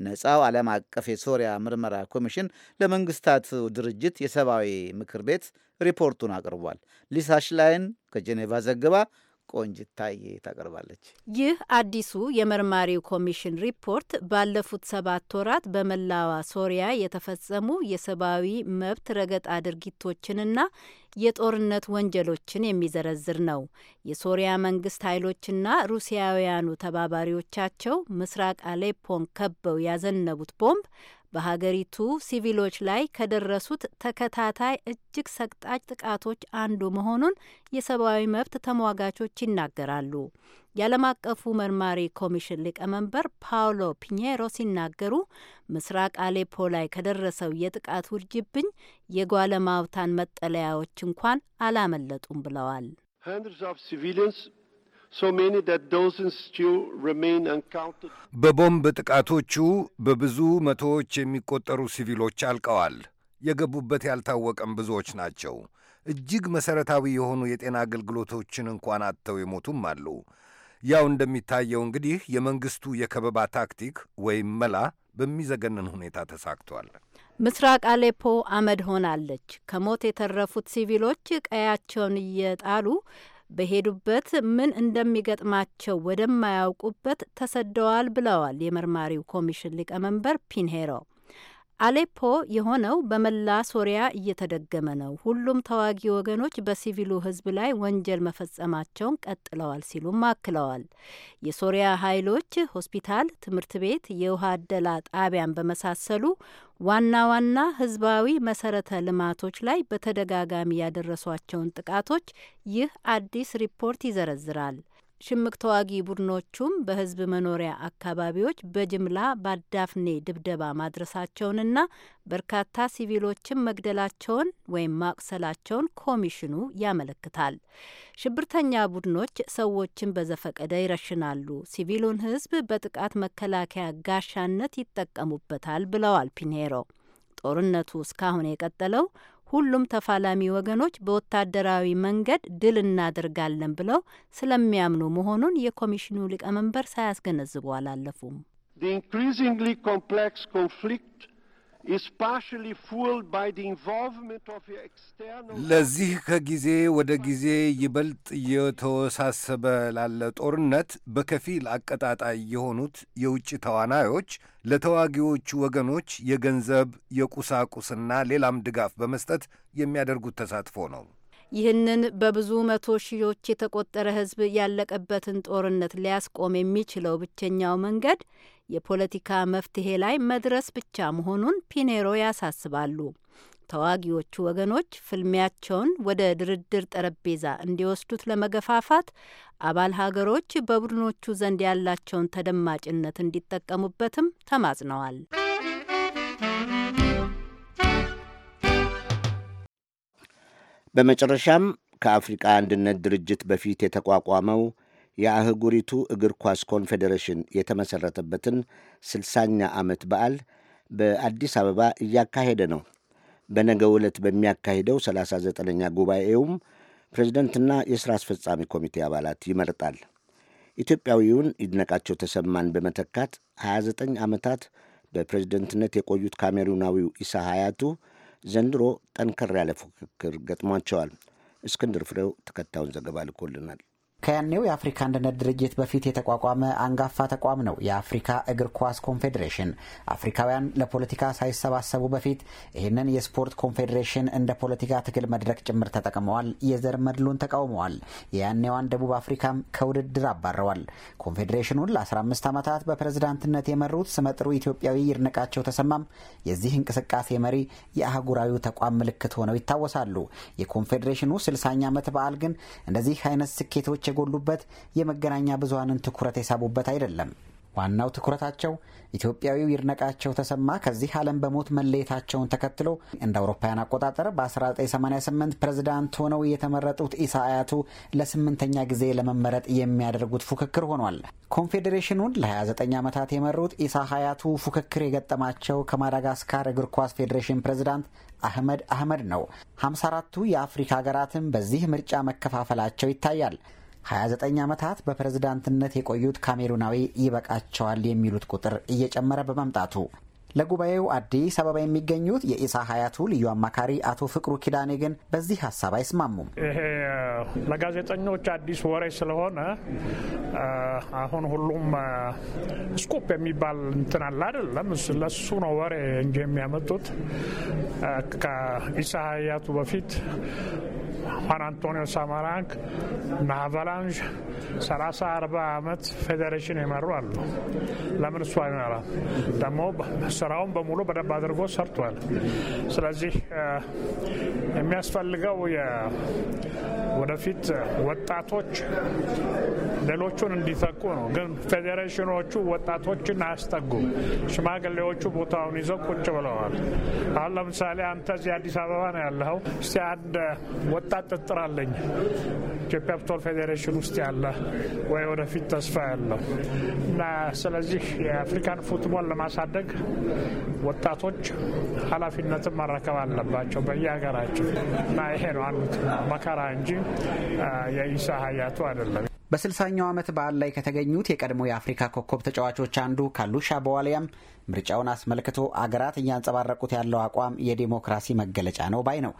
ነፃው ዓለም አቀፍ የሶሪያ ምርመራ ኮሚሽን ለመንግስታት ድርጅት የሰብአዊ ምክር ቤት ሪፖርቱን አቅርቧል። ሊሳ ሽላይን ከጄኔቫ ዘግባ ቆንጅታ ታቀርባለች። ይህ አዲሱ የመርማሪው ኮሚሽን ሪፖርት ባለፉት ሰባት ወራት በመላዋ ሶሪያ የተፈጸሙ የሰብአዊ መብት ረገጣ ድርጊቶችንና የጦርነት ወንጀሎችን የሚዘረዝር ነው። የሶሪያ መንግስት ኃይሎችና ሩሲያውያኑ ተባባሪዎቻቸው ምስራቅ አሌፖን ከበው ያዘነቡት ቦምብ በሀገሪቱ ሲቪሎች ላይ ከደረሱት ተከታታይ እጅግ ሰቅጣጭ ጥቃቶች አንዱ መሆኑን የሰብአዊ መብት ተሟጋቾች ይናገራሉ። የዓለም አቀፉ መርማሪ ኮሚሽን ሊቀመንበር ፓውሎ ፒኘሮ ሲናገሩ ምስራቅ አሌፖ ላይ ከደረሰው የጥቃት ውርጅብኝ የጓለማውታን መጠለያዎች እንኳን አላመለጡም ብለዋል። በቦምብ ጥቃቶቹ በብዙ መቶዎች የሚቆጠሩ ሲቪሎች አልቀዋል። የገቡበት ያልታወቀም ብዙዎች ናቸው። እጅግ መሠረታዊ የሆኑ የጤና አገልግሎቶችን እንኳን አጥተው የሞቱም አሉ። ያው እንደሚታየው እንግዲህ የመንግሥቱ የከበባ ታክቲክ ወይም መላ በሚዘገንን ሁኔታ ተሳክቷል። ምስራቅ አሌፖ አመድ ሆናለች። ከሞት የተረፉት ሲቪሎች ቀያቸውን እየጣሉ በሄዱበት ምን እንደሚገጥማቸው ወደማያውቁበት ተሰደዋል ብለዋል የመርማሪው ኮሚሽን ሊቀመንበር ፒንሄሮ። አሌፖ የሆነው በመላ ሶሪያ እየተደገመ ነው። ሁሉም ተዋጊ ወገኖች በሲቪሉ ሕዝብ ላይ ወንጀል መፈጸማቸውን ቀጥለዋል ሲሉም አክለዋል። የሶሪያ ኃይሎች ሆስፒታል፣ ትምህርት ቤት፣ የውሃ አደላ ጣቢያን በመሳሰሉ ዋና ዋና ሕዝባዊ መሰረተ ልማቶች ላይ በተደጋጋሚ ያደረሷቸውን ጥቃቶች ይህ አዲስ ሪፖርት ይዘረዝራል። ሽምቅ ተዋጊ ቡድኖቹም በህዝብ መኖሪያ አካባቢዎች በጅምላ ባዳፍኔ ድብደባ ማድረሳቸውንና በርካታ ሲቪሎችን መግደላቸውን ወይም ማቁሰላቸውን ኮሚሽኑ ያመለክታል። ሽብርተኛ ቡድኖች ሰዎችን በዘፈቀደ ይረሽናሉ፣ ሲቪሉን ህዝብ በጥቃት መከላከያ ጋሻነት ይጠቀሙበታል ብለዋል ፒኔሮ። ጦርነቱ እስካሁን የቀጠለው ሁሉም ተፋላሚ ወገኖች በወታደራዊ መንገድ ድል እናደርጋለን ብለው ስለሚያምኑ መሆኑን የኮሚሽኑ ሊቀመንበር ሳያስገነዝቡ አላለፉም። ለዚህ ከጊዜ ወደ ጊዜ ይበልጥ እየተወሳሰበ ላለ ጦርነት በከፊል አቀጣጣይ የሆኑት የውጭ ተዋናዮች ለተዋጊዎቹ ወገኖች የገንዘብ የቁሳቁስና ሌላም ድጋፍ በመስጠት የሚያደርጉት ተሳትፎ ነው። ይህንን በብዙ መቶ ሺዎች የተቆጠረ ሕዝብ ያለቀበትን ጦርነት ሊያስቆም የሚችለው ብቸኛው መንገድ የፖለቲካ መፍትሄ ላይ መድረስ ብቻ መሆኑን ፒኔሮ ያሳስባሉ። ተዋጊዎቹ ወገኖች ፍልሚያቸውን ወደ ድርድር ጠረጴዛ እንዲወስዱት ለመገፋፋት አባል ሀገሮች በቡድኖቹ ዘንድ ያላቸውን ተደማጭነት እንዲጠቀሙበትም ተማጽነዋል። በመጨረሻም ከአፍሪቃ አንድነት ድርጅት በፊት የተቋቋመው የአህጉሪቱ እግር ኳስ ኮንፌዴሬሽን የተመሠረተበትን ስልሳኛ ዓመት በዓል በአዲስ አበባ እያካሄደ ነው። በነገው ዕለት በሚያካሂደው 39ኛ ጉባኤውም ፕሬዚደንትና የሥራ አስፈጻሚ ኮሚቴ አባላት ይመርጣል። ኢትዮጵያዊውን ይድነቃቸው ተሰማን በመተካት 29 ዓመታት በፕሬዝደንትነት የቆዩት ካሜሩናዊው ኢሳ ሀያቱ ዘንድሮ ጠንከር ያለ ፉክክር ገጥሟቸዋል። እስክንድር ፍሬው ተከታዩን ዘገባ ልኮልናል። ከያኔው የአፍሪካ አንድነት ድርጅት በፊት የተቋቋመ አንጋፋ ተቋም ነው የአፍሪካ እግር ኳስ ኮንፌዴሬሽን። አፍሪካውያን ለፖለቲካ ሳይሰባሰቡ በፊት ይህንን የስፖርት ኮንፌዴሬሽን እንደ ፖለቲካ ትግል መድረክ ጭምር ተጠቅመዋል። የዘር መድሎን ተቃውመዋል። የያኔዋን ደቡብ አፍሪካም ከውድድር አባረዋል። ኮንፌዴሬሽኑን ለ15 ዓመታት በፕሬዝዳንትነት የመሩት ስመጥሩ ኢትዮጵያዊ ይድነቃቸው ተሰማም የዚህ እንቅስቃሴ መሪ የአህጉራዊው ተቋም ምልክት ሆነው ይታወሳሉ። የኮንፌዴሬሽኑ ስልሳኛ ዓመት በዓል ግን እንደዚህ አይነት ስኬቶች ችግሮች የጎሉበት የመገናኛ ብዙሀንን ትኩረት የሳቡበት አይደለም። ዋናው ትኩረታቸው ኢትዮጵያዊው ይድነቃቸው ተሰማ ከዚህ ዓለም በሞት መለየታቸውን ተከትሎ እንደ አውሮፓውያን አቆጣጠር በ1988 ፕሬዝዳንት ሆነው የተመረጡት ኢሳአያቱ ለስምንተኛ ጊዜ ለመመረጥ የሚያደርጉት ፉክክር ሆኗል። ኮንፌዴሬሽኑን ለ29 ዓመታት የመሩት ኢሳ ሀያቱ ፉክክር የገጠማቸው ከማዳጋስካር እግር ኳስ ፌዴሬሽን ፕሬዝዳንት አህመድ አህመድ ነው። 54ቱ የአፍሪካ ሀገራትም በዚህ ምርጫ መከፋፈላቸው ይታያል። 29 ዓመታት በፕሬዝዳንትነት የቆዩት ካሜሩናዊ ይበቃቸዋል የሚሉት ቁጥር እየጨመረ በመምጣቱ ለጉባኤው አዲስ አበባ የሚገኙት የኢሳ ሀያቱ ልዩ አማካሪ አቶ ፍቅሩ ኪዳኔ ግን በዚህ ሀሳብ አይስማሙም። ይሄ ለጋዜጠኞች አዲስ ወሬ ስለሆነ አሁን ሁሉም ስኩፕ የሚባል እንትን አለ አይደለም፣ ለሱ ነው ወሬ እንጂ የሚያመጡት ከኢሳ ሀያቱ በፊት juan አንቶኒዮ ሳማራንክ እና አቫላንዥ 30 40 ዓመት ፌዴሬሽን የመሩ አሉ። ለምን እሱ አይመራም? ደግሞ ስራውን በሙሉ በደንብ አድርጎ ሰርቷል። ስለዚህ የሚያስፈልገው ወደፊት ወጣቶች ሌሎቹን እንዲተኩ ነው። ግን ፌዴሬሽኖቹ ወጣቶችን አያስጠጉም። ሽማግሌዎቹ ቦታውን ይዘው ቁጭ ብለዋል። አሁን ለምሳሌ አንተ እዚህ አዲስ አበባ ነው ያለኸው። እስቲ አንድ ወጣ የመምጣት አለኝ። ኢትዮጵያ ፉትቦል ፌዴሬሽን ውስጥ ያለ ወይ ወደፊት ተስፋ ያለው እና ስለዚህ የአፍሪካን ፉትቦል ለማሳደግ ወጣቶች ኃላፊነትን መረከብ አለባቸው በየሀገራቸው እና ይሄ ነው አንዱ መከራ እንጂ የኢሳ ሀያቱ አይደለም። በስልሳኛው ዓመት በዓል ላይ ከተገኙት የቀድሞ የአፍሪካ ኮከብ ተጫዋቾች አንዱ ካሉሻ በዋሊያም ምርጫውን አስመልክቶ አገራት እያንጸባረቁት ያለው አቋም የዲሞክራሲ መገለጫ ነው ባይ ነው።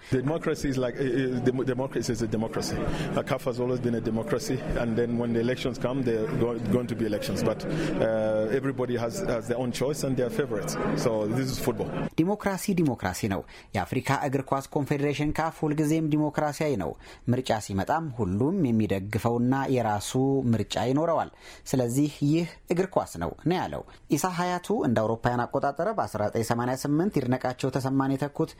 ዲሞክራሲ ዲሞክራሲ ነው። የአፍሪካ እግር ኳስ ኮንፌዴሬሽን ካፍ ሁልጊዜም ዲሞክራሲያዊ ነው። ምርጫ ሲመጣም ሁሉም የሚደግፈውና የራ የራሱ ምርጫ ይኖረዋል። ስለዚህ ይህ እግር ኳስ ነው ነው ያለው ኢሳ ሀያቱ። እንደ አውሮፓውያን አቆጣጠረ በ1988 ይድነቃቸው ተሰማን የተኩት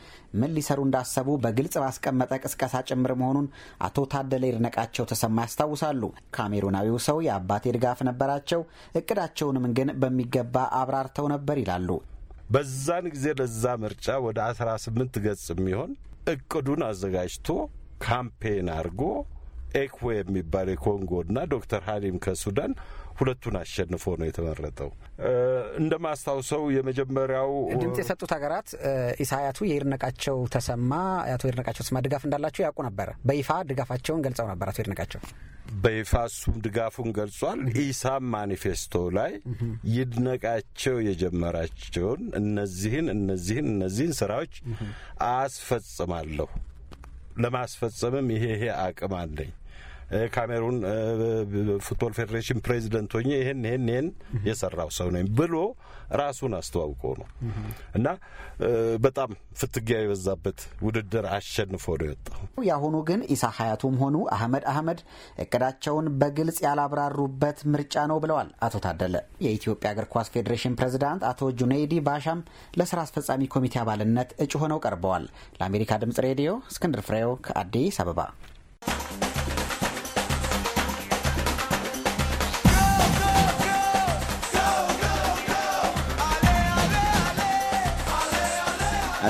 ምን ሊሰሩ እንዳሰቡ በግልጽ ባስቀመጠ ቅስቀሳ ጭምር መሆኑን አቶ ታደለ ይድነቃቸው ተሰማ ያስታውሳሉ። ካሜሩናዊው ሰው የአባቴ ድጋፍ ነበራቸው፣ እቅዳቸውንም ግን በሚገባ አብራርተው ነበር ይላሉ። በዛን ጊዜ ለዛ ምርጫ ወደ 18 ገጽ የሚሆን እቅዱን አዘጋጅቶ ካምፔን አድርጎ ኤክዌ የሚባል የኮንጎና ዶክተር ሀሊም ከሱዳን ሁለቱን አሸንፎ ነው የተመረጠው። እንደማስታውሰው የመጀመሪያው ድምጽ የሰጡት ሀገራት ኢሳያቱ የይድነቃቸው ተሰማ አቶ ይድነቃቸው ተሰማ ድጋፍ እንዳላቸው ያውቁ ነበረ። በይፋ ድጋፋቸውን ገልጸው ነበር። አቶ ይድነቃቸው በይፋ እሱም ድጋፉን ገልጿል። ኢሳም ማኒፌስቶ ላይ ይድነቃቸው የጀመራቸውን እነዚህን እነዚህን እነዚህን ስራዎች አስፈጽማለሁ ለማስፈጸምም ይሄ ይሄ አቅም አለኝ ካሜሩን ፉትቦል ፌዴሬሽን ፕሬዚደንት ሆኜ ይሄን ይሄን ይሄን የሰራው ሰው ነኝ ብሎ ራሱን አስተዋውቆ ነው እና በጣም ፍትጊያ የበዛበት ውድድር አሸንፎ ነው የወጣው። የአሁኑ ግን ኢሳ ሀያቱም ሆኑ አህመድ አህመድ እቅዳቸውን በግልጽ ያላብራሩበት ምርጫ ነው ብለዋል አቶ ታደለ። የኢትዮጵያ እግር ኳስ ፌዴሬሽን ፕሬዚዳንት አቶ ጁኔይዲ ባሻም ለስራ አስፈጻሚ ኮሚቴ አባልነት እጩ ሆነው ቀርበዋል። ለአሜሪካ ድምጽ ሬዲዮ እስክንድር ፍሬው ከአዲስ አበባ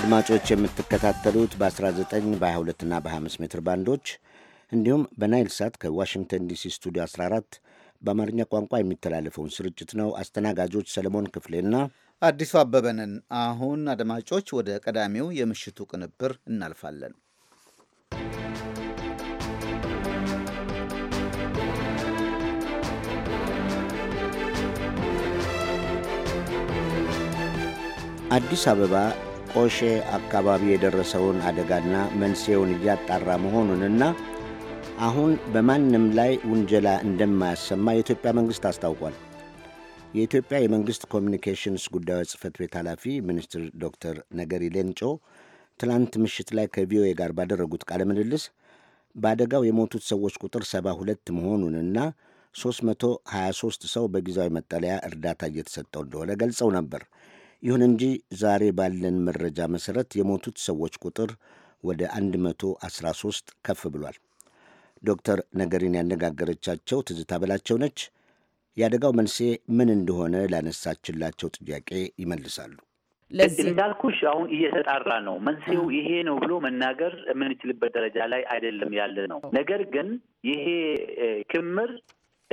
አድማጮች የምትከታተሉት በ19 በ22 እና በ25 ሜትር ባንዶች እንዲሁም በናይል ሳት ከዋሽንግተን ዲሲ ስቱዲዮ 14 በአማርኛ ቋንቋ የሚተላለፈውን ስርጭት ነው። አስተናጋጆች ሰለሞን ክፍሌና አዲሱ አበበንን። አሁን አድማጮች ወደ ቀዳሚው የምሽቱ ቅንብር እናልፋለን። አዲስ አበባ ቆሼ አካባቢ የደረሰውን አደጋና መንስኤውን እያጣራ መሆኑንና አሁን በማንም ላይ ውንጀላ እንደማያሰማ የኢትዮጵያ መንግሥት አስታውቋል። የኢትዮጵያ የመንግሥት ኮሚኒኬሽንስ ጉዳዮች ጽሕፈት ቤት ኃላፊ ሚኒስትር ዶክተር ነገሪ ሌንጮ ትላንት ምሽት ላይ ከቪኦኤ ጋር ባደረጉት ቃለ ምልልስ በአደጋው የሞቱት ሰዎች ቁጥር 72 መሆኑንና 323 ሰው በጊዜያዊ መጠለያ እርዳታ እየተሰጠው እንደሆነ ገልጸው ነበር። ይሁን እንጂ ዛሬ ባለን መረጃ መሠረት የሞቱት ሰዎች ቁጥር ወደ 113 ከፍ ብሏል። ዶክተር ነገሪን ያነጋገረቻቸው ትዝታ በላቸው ነች። የአደጋው መንስኤ ምን እንደሆነ ላነሳችላቸው ጥያቄ ይመልሳሉ። ለዚህ እንዳልኩሽ አሁን እየተጣራ ነው። መንስኤው ይሄ ነው ብሎ መናገር የምንችልበት ደረጃ ላይ አይደለም ያለ ነው። ነገር ግን ይሄ ክምር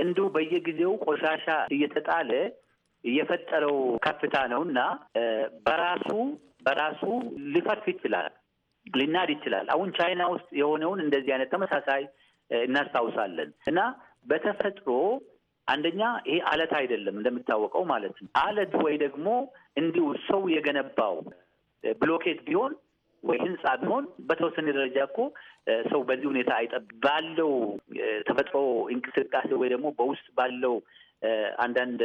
እንዲሁ በየጊዜው ቆሻሻ እየተጣለ የፈጠረው ከፍታ ነው እና በራሱ በራሱ ሊፈርፍ ይችላል፣ ሊናድ ይችላል። አሁን ቻይና ውስጥ የሆነውን እንደዚህ አይነት ተመሳሳይ እናስታውሳለን እና በተፈጥሮ አንደኛ ይሄ አለት አይደለም እንደሚታወቀው ማለት ነው። አለት ወይ ደግሞ እንዲሁ ሰው የገነባው ብሎኬት ቢሆን ወይ ህንፃ ቢሆን በተወሰነ ደረጃ እኮ ሰው በዚህ ሁኔታ አይጠብ ባለው ተፈጥሮ እንቅስቃሴ ወይ ደግሞ በውስጥ ባለው አንዳንድ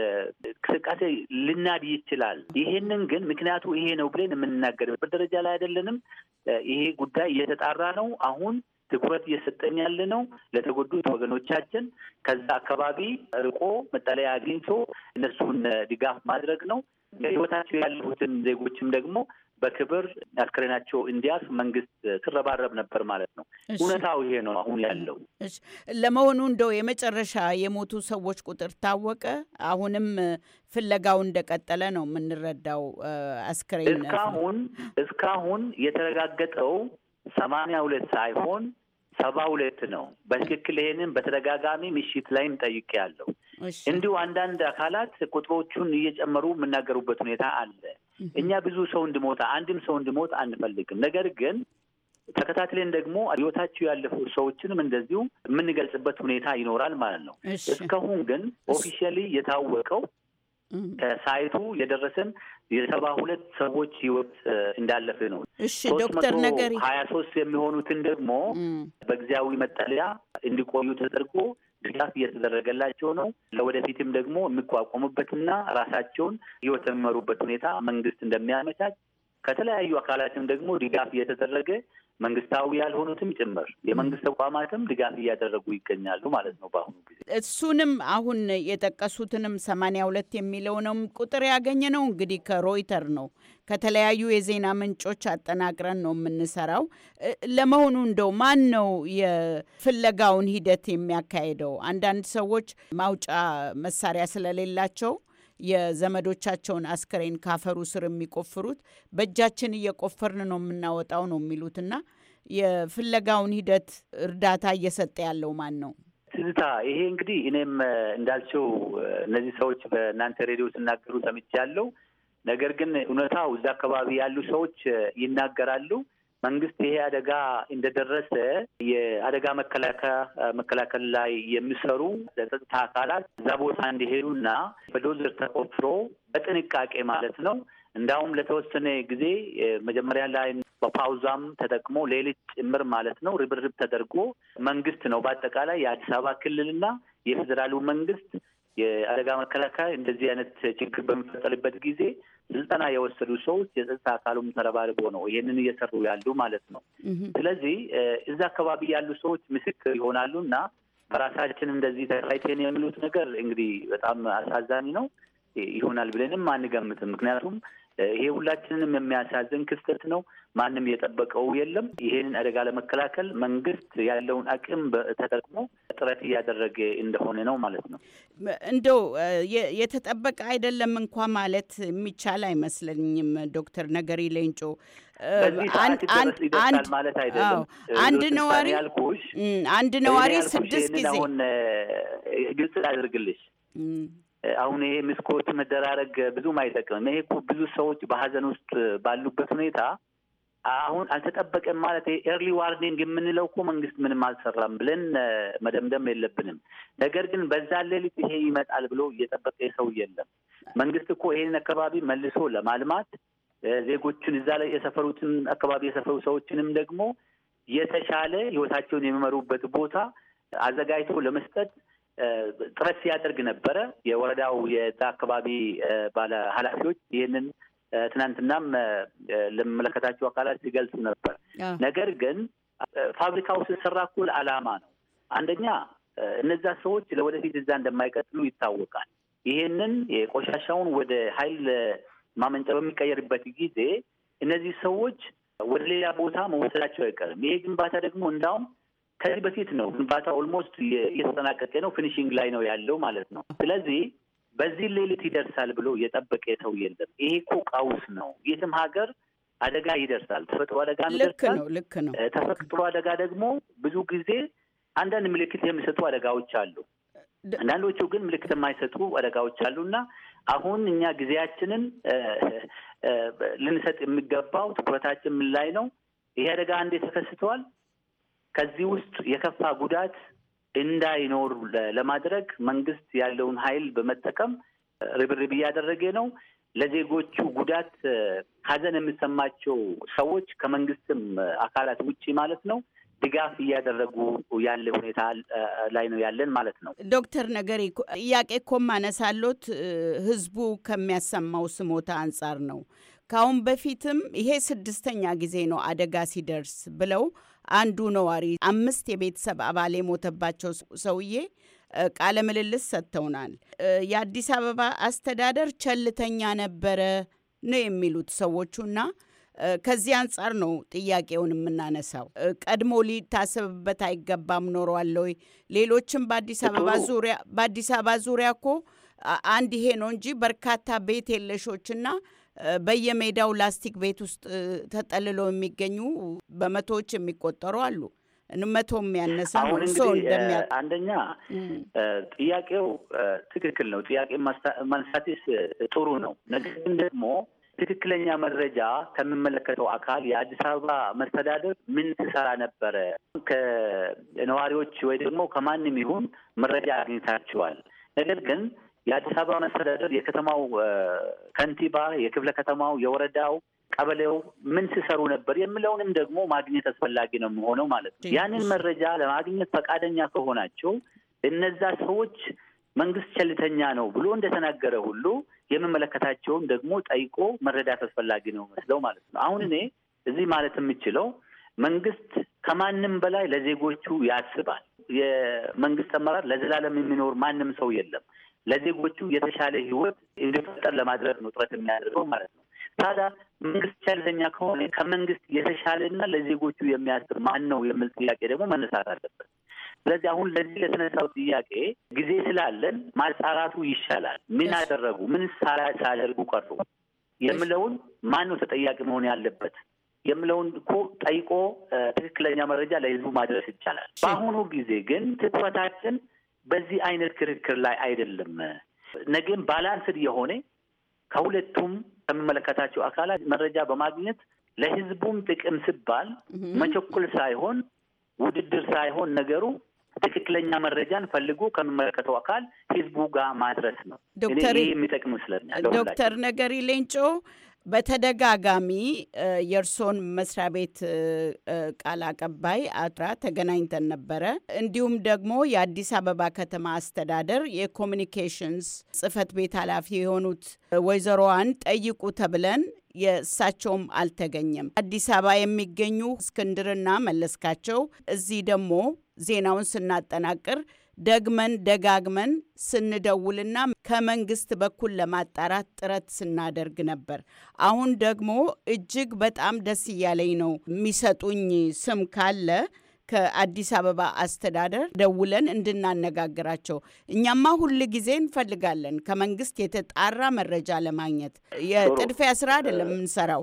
እንቅስቃሴ ልናድ ይችላል። ይሄንን ግን ምክንያቱ ይሄ ነው ብለን የምንናገርበት ደረጃ ላይ አይደለንም። ይሄ ጉዳይ እየተጣራ ነው። አሁን ትኩረት እየሰጠን ያለ ነው ለተጎዱት ወገኖቻችን ከዛ አካባቢ ርቆ መጠለያ አግኝቶ እነሱን ድጋፍ ማድረግ ነው። ህይወታቸው ያለፉትን ዜጎችም ደግሞ በክብር አስክሬናቸው እንዲያርፍ መንግስት ትረባረብ ነበር ማለት ነው። እውነታው ይሄ ነው አሁን ያለው። ለመሆኑ እንደው የመጨረሻ የሞቱ ሰዎች ቁጥር ታወቀ? አሁንም ፍለጋው እንደቀጠለ ነው የምንረዳው። አስክሬን እስካሁን እስካሁን የተረጋገጠው ሰማንያ ሁለት ሳይሆን ሰባ ሁለት ነው። በትክክል ይሄንን በተደጋጋሚ ምሽት ላይም ጠይቄ ያለው እንዲሁ አንዳንድ አካላት ቁጥሮቹን እየጨመሩ የምናገሩበት ሁኔታ አለ። እኛ ብዙ ሰው እንድሞታ አንድም ሰው እንድሞት አንፈልግም። ነገር ግን ተከታትለን ደግሞ ህይወታቸው ያለፉ ሰዎችንም እንደዚሁ የምንገልጽበት ሁኔታ ይኖራል ማለት ነው። እስካሁን ግን ኦፊሻሊ የታወቀው ከሳይቱ የደረሰን የሰባ ሁለት ሰዎች ህይወት እንዳለፈ ነው። እሺ ዶክተር ነገሪ ሀያ ሶስት የሚሆኑትን ደግሞ በጊዜያዊ መጠለያ እንዲቆዩ ተደርጎ ድጋፍ እየተደረገላቸው ነው። ለወደፊትም ደግሞ የሚቋቋሙበትና ራሳቸውን ህይወት የሚመሩበት ሁኔታ መንግስት እንደሚያመቻች ከተለያዩ አካላትም ደግሞ ድጋፍ እየተደረገ መንግስታዊ ያልሆኑትም ጭምር የመንግስት ተቋማትም ድጋፍ እያደረጉ ይገኛሉ ማለት ነው። በአሁኑ ጊዜ እሱንም አሁን የጠቀሱትንም ሰማንያ ሁለት የሚለውንም ቁጥር ያገኘ ነው እንግዲህ ከሮይተር ነው ከተለያዩ የዜና ምንጮች አጠናቅረን ነው የምንሰራው። ለመሆኑ እንደው ማን ነው የፍለጋውን ሂደት የሚያካሄደው አንዳንድ ሰዎች ማውጫ መሳሪያ ስለሌላቸው የዘመዶቻቸውን አስከሬን ካፈሩ ስር የሚቆፍሩት በእጃችን እየቆፈርን ነው የምናወጣው ነው የሚሉትና የፍለጋውን ሂደት እርዳታ እየሰጠ ያለው ማን ነው? ትዝታ፣ ይሄ እንግዲህ እኔም እንዳልቸው እነዚህ ሰዎች በእናንተ ሬዲዮ ሲናገሩ ሰምቻለሁ። ነገር ግን እውነታው እዛ አካባቢ ያሉ ሰዎች ይናገራሉ። መንግስት ይሄ አደጋ እንደደረሰ የአደጋ መከላከያ መከላከል ላይ የሚሰሩ ለጸጥታ አካላት እዛ ቦታ እንዲሄዱና በዶዘር ተቆፍሮ በጥንቃቄ ማለት ነው እንዳውም ለተወሰነ ጊዜ መጀመሪያ ላይ በፓውዛም ተጠቅሞ ሌሊት ጭምር ማለት ነው ርብርብ ተደርጎ መንግስት ነው በአጠቃላይ የአዲስ አበባ ክልልና የፌዴራሉ መንግስት የአደጋ መከላከያ እንደዚህ አይነት ችግር በሚፈጠርበት ጊዜ ስልጠና የወሰዱ ሰዎች የጸጥታ አካሉም ተረባርቦ ነው ይህንን እየሰሩ ያሉ ማለት ነው። ስለዚህ እዛ አካባቢ ያሉ ሰዎች ምስክር ይሆናሉ እና በራሳችን እንደዚህ ተራይቴን የሚሉት ነገር እንግዲህ በጣም አሳዛኝ ነው። ይሆናል ብለንም አንገምትም። ምክንያቱም ይሄ ሁላችንንም የሚያሳዝን ክስተት ነው። ማንም የጠበቀው የለም። ይሄንን አደጋ ለመከላከል መንግስት ያለውን አቅም ተጠቅሞ ጥረት እያደረገ እንደሆነ ነው ማለት ነው። እንደው የተጠበቀ አይደለም እንኳ ማለት የሚቻል አይመስለኝም። ዶክተር ነገሪ ሌንጮ ማለት አይደለም። አንድ ነዋሪ ያልኩሽ አንድ ነዋሪ ስድስት ጊዜ ግልጽ ላድርግልሽ አሁን ይሄ ምስኮት መደራረግ ብዙም አይጠቅምም። ይሄ እኮ ብዙ ሰዎች በሀዘን ውስጥ ባሉበት ሁኔታ አሁን አልተጠበቀም ማለት ኤርሊ ዋርኒንግ የምንለው እኮ መንግስት ምንም አልሰራም ብለን መደምደም የለብንም። ነገር ግን በዛ ሌሊት ይሄ ይመጣል ብሎ እየጠበቀ ሰው የለም። መንግስት እኮ ይሄን አካባቢ መልሶ ለማልማት ዜጎቹን እዛ ላይ የሰፈሩትን አካባቢ የሰፈሩ ሰዎችንም ደግሞ የተሻለ ህይወታቸውን የሚመሩበት ቦታ አዘጋጅቶ ለመስጠት ጥረት ሲያደርግ ነበረ። የወረዳው የዛ አካባቢ ባለ ኃላፊዎች ይህንን ትናንትናም ለሚመለከታቸው አካላት ሲገልጽ ነበር። ነገር ግን ፋብሪካው ስሰራ እኩል አላማ ነው። አንደኛ እነዛ ሰዎች ለወደፊት እዛ እንደማይቀጥሉ ይታወቃል። ይህንን የቆሻሻውን ወደ ኃይል ማመንጫ በሚቀየርበት ጊዜ እነዚህ ሰዎች ወደ ሌላ ቦታ መወሰዳቸው አይቀርም። ይሄ ግንባታ ደግሞ እንዳውም ከዚህ በፊት ነው ግንባታ ኦልሞስት እየተጠናቀቀ ነው፣ ፊኒሽንግ ላይ ነው ያለው ማለት ነው። ስለዚህ በዚህ ሌሊት ይደርሳል ብሎ የጠበቀ ሰው የለም። ይሄ እኮ ቀውስ ነው። የትም ሀገር አደጋ ይደርሳል። ተፈጥሮ አደጋ ልክ ነው። ተፈጥሮ አደጋ ደግሞ ብዙ ጊዜ አንዳንድ ምልክት የሚሰጡ አደጋዎች አሉ። አንዳንዶቹ ግን ምልክት የማይሰጡ አደጋዎች አሉ እና አሁን እኛ ጊዜያችንን ልንሰጥ የሚገባው ትኩረታችን ምን ላይ ነው? ይሄ አደጋ አንዴ ተከስተዋል። ከዚህ ውስጥ የከፋ ጉዳት እንዳይኖር ለማድረግ መንግስት ያለውን ኃይል በመጠቀም ርብርብ እያደረገ ነው። ለዜጎቹ ጉዳት ሀዘን የሚሰማቸው ሰዎች ከመንግስትም አካላት ውጪ ማለት ነው ድጋፍ እያደረጉ ያለ ሁኔታ ላይ ነው ያለን ማለት ነው። ዶክተር ነገሪ ጥያቄ እኮ ማነሳሎት ህዝቡ ከሚያሰማው ስሞታ አንጻር ነው። ከአሁን በፊትም ይሄ ስድስተኛ ጊዜ ነው አደጋ ሲደርስ ብለው አንዱ ነዋሪ አምስት የቤተሰብ አባል የሞተባቸው ሰውዬ ቃለ ምልልስ ሰጥተውናል። የአዲስ አበባ አስተዳደር ቸልተኛ ነበረ ነው የሚሉት ሰዎቹና ከዚህ አንጻር ነው ጥያቄውን የምናነሳው። ቀድሞ ሊታሰብበት አይገባም ኖሯል ወይ? ሌሎችም በአዲስ አበባ ዙሪያ እኮ አንድ ይሄ ነው እንጂ በርካታ ቤት የለሾችና በየሜዳው ላስቲክ ቤት ውስጥ ተጠልሎ የሚገኙ በመቶዎች የሚቆጠሩ አሉ። መቶ ያነሳ አሁን እንግዲህ አንደኛ ጥያቄው ትክክል ነው። ጥያቄ ማንሳትስ ጥሩ ነው። ነገር ግን ደግሞ ትክክለኛ መረጃ ከሚመለከተው አካል የአዲስ አበባ መስተዳደር ምን ትሰራ ነበረ? ከነዋሪዎች ወይ ደግሞ ከማንም ይሁን መረጃ አግኝታችኋል? ነገር ግን የአዲስ አበባ መስተዳደር የከተማው ከንቲባ፣ የክፍለ ከተማው፣ የወረዳው፣ ቀበሌው ምን ሲሰሩ ነበር የሚለውንም ደግሞ ማግኘት አስፈላጊ ነው የሚሆነው ማለት ነው። ያንን መረጃ ለማግኘት ፈቃደኛ ከሆናቸው እነዛ ሰዎች መንግስት ቸልተኛ ነው ብሎ እንደተናገረ ሁሉ የምመለከታቸውን ደግሞ ጠይቆ መረዳት አስፈላጊ ነው መስለው ማለት ነው። አሁን እኔ እዚህ ማለት የምችለው መንግስት ከማንም በላይ ለዜጎቹ ያስባል። የመንግስት አመራር ለዘላለም የሚኖር ማንም ሰው የለም። ለዜጎቹ የተሻለ ህይወት እንዲፈጠር ለማድረግ ነው ጥረት የሚያደርገው ማለት ነው። ታዲያ መንግስት ቸልተኛ ከሆነ ከመንግስት የተሻለና ለዜጎቹ የሚያስብ ማን ነው የሚል ጥያቄ ደግሞ መነሳት አለበት። ስለዚህ አሁን ለዚህ ለተነሳው ጥያቄ ጊዜ ስላለን ማጣራቱ ይሻላል። ምን አደረጉ፣ ምን ሳያደርጉ ቀሩ የምለውን ማን ነው ተጠያቂ መሆን ያለበት የምለውን እኮ ጠይቆ ትክክለኛ መረጃ ለህዝቡ ማድረስ ይቻላል። በአሁኑ ጊዜ ግን ትኩረታችን በዚህ አይነት ክርክር ላይ አይደለም። ነገም ባላንስድ የሆነ ከሁለቱም ከሚመለከታቸው አካላት መረጃ በማግኘት ለህዝቡም ጥቅም ሲባል መቸኩል ሳይሆን ውድድር ሳይሆን ነገሩ ትክክለኛ መረጃን ፈልጎ ከሚመለከተው አካል ህዝቡ ጋር ማድረስ ነው። ዶክተር የሚጠቅም ይመስለኛል። ዶክተር ነገሪ ሌንጮ በተደጋጋሚ የእርሶን መስሪያ ቤት ቃል አቀባይ አትራ ተገናኝተን ነበረ። እንዲሁም ደግሞ የአዲስ አበባ ከተማ አስተዳደር የኮሚኒኬሽንስ ጽህፈት ቤት ኃላፊ የሆኑት ወይዘሮዋን ጠይቁ ተብለን የእሳቸውም አልተገኘም። አዲስ አበባ የሚገኙ እስክንድርና መለስካቸው እዚህ ደግሞ ዜናውን ስናጠናቅር ደግመን ደጋግመን ስንደውልና ከመንግስት በኩል ለማጣራት ጥረት ስናደርግ ነበር። አሁን ደግሞ እጅግ በጣም ደስ እያለኝ ነው። የሚሰጡኝ ስም ካለ ከአዲስ አበባ አስተዳደር ደውለን እንድናነጋግራቸው እኛማ ሁል ጊዜ እንፈልጋለን። ከመንግስት የተጣራ መረጃ ለማግኘት የጥድፊያ ስራ አይደለም የምንሰራው።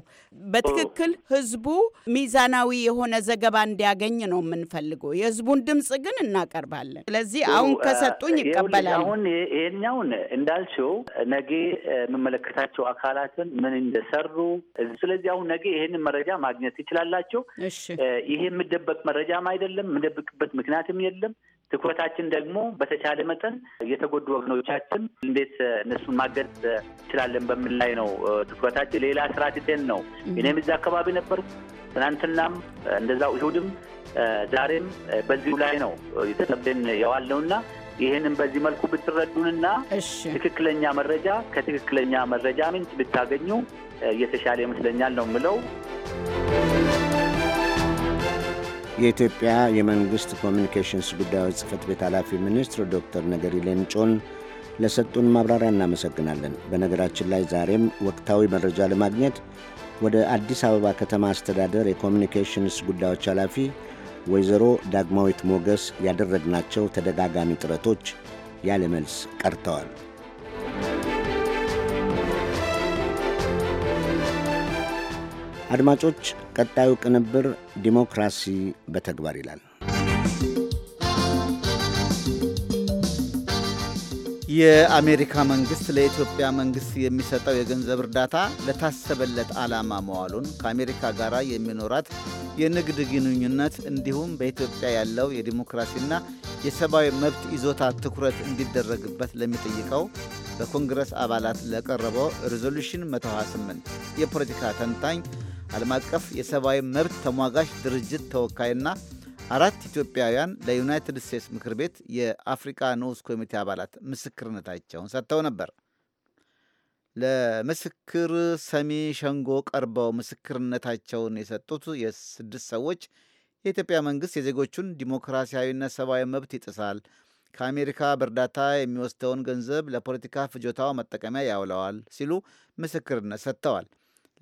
በትክክል ህዝቡ ሚዛናዊ የሆነ ዘገባ እንዲያገኝ ነው የምንፈልገው። የህዝቡን ድምፅ ግን እናቀርባለን። ስለዚህ አሁን ከሰጡኝ ይቀበላል። አሁን ይሄኛውን እንዳልሽው ነገ የምመለከታቸው አካላትን ምን እንደሰሩ፣ ስለዚህ አሁን ነገ ይሄንን መረጃ ማግኘት ትችላላቸው። ይሄ የምደበቅ መረጃ አይደለም፣ የምንደብቅበት ምክንያትም የለም። ትኩረታችን ደግሞ በተቻለ መጠን የተጎዱ ወገኖቻችን እንዴት እነሱን ማገዝ እንችላለን በምን ላይ ነው ትኩረታችን። ሌላ ስራ ትተን ነው እኔም እዛ አካባቢ ነበር ትናንትናም እንደዛው እሁድም ዛሬም በዚሁ ላይ ነው የተጠብን የዋልነውና ይህንን በዚህ መልኩ ብትረዱንና ትክክለኛ መረጃ ከትክክለኛ መረጃ ምንጭ ብታገኙ እየተሻለ ይመስለኛል ነው የምለው። የኢትዮጵያ የመንግሥት ኮሚኒኬሽንስ ጉዳዮች ጽሕፈት ቤት ኃላፊ ሚኒስትር ዶክተር ነገሪ ሌንጮን ለሰጡን ማብራሪያ እናመሰግናለን። በነገራችን ላይ ዛሬም ወቅታዊ መረጃ ለማግኘት ወደ አዲስ አበባ ከተማ አስተዳደር የኮሚኒኬሽንስ ጉዳዮች ኃላፊ ወይዘሮ ዳግማዊት ሞገስ ያደረግናቸው ተደጋጋሚ ጥረቶች ያለ መልስ ቀርተዋል። አድማጮች፣ ቀጣዩ ቅንብር ዲሞክራሲ በተግባር ይላል። የአሜሪካ መንግሥት ለኢትዮጵያ መንግሥት የሚሰጠው የገንዘብ እርዳታ ለታሰበለት ዓላማ መዋሉን ከአሜሪካ ጋር የሚኖራት የንግድ ግንኙነት እንዲሁም በኢትዮጵያ ያለው የዲሞክራሲና የሰብአዊ መብት ይዞታ ትኩረት እንዲደረግበት ለሚጠይቀው በኮንግረስ አባላት ለቀረበው ሪዞሉሽን 128 የፖለቲካ ተንታኝ ዓለም አቀፍ የሰብአዊ መብት ተሟጋች ድርጅት ተወካይና አራት ኢትዮጵያውያን ለዩናይትድ ስቴትስ ምክር ቤት የአፍሪካ ንዑስ ኮሚቴ አባላት ምስክርነታቸውን ሰጥተው ነበር። ለምስክር ሰሚ ሸንጎ ቀርበው ምስክርነታቸውን የሰጡት የስድስት ሰዎች የኢትዮጵያ መንግሥት የዜጎቹን ዲሞክራሲያዊና ሰብአዊ መብት ይጥሳል፣ ከአሜሪካ በእርዳታ የሚወስደውን ገንዘብ ለፖለቲካ ፍጆታው መጠቀሚያ ያውለዋል ሲሉ ምስክርነት ሰጥተዋል።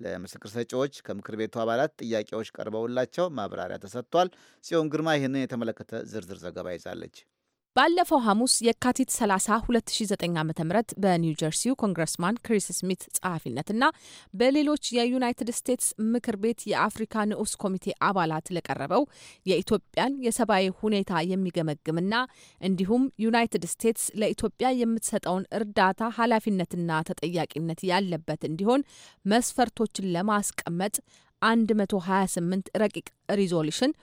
ለምስክር ሰጪዎች ከምክር ቤቱ አባላት ጥያቄዎች ቀርበውላቸው ማብራሪያ ተሰጥቷል። ጽዮን ግርማ ይህንን የተመለከተ ዝርዝር ዘገባ ይዛለች። ባለፈው ሐሙስ የካቲት 30 2009 ዓ ም በኒውጀርሲው ኮንግረስማን ክሪስ ስሚት ጸሐፊነትና በሌሎች የዩናይትድ ስቴትስ ምክር ቤት የአፍሪካ ንዑስ ኮሚቴ አባላት ለቀረበው የኢትዮጵያን የሰብአዊ ሁኔታ የሚገመግምና እንዲሁም ዩናይትድ ስቴትስ ለኢትዮጵያ የምትሰጠውን እርዳታ ኃላፊነትና ተጠያቂነት ያለበት እንዲሆን መስፈርቶችን ለማስቀመጥ 128 ረቂቅ ሪዞሉሽን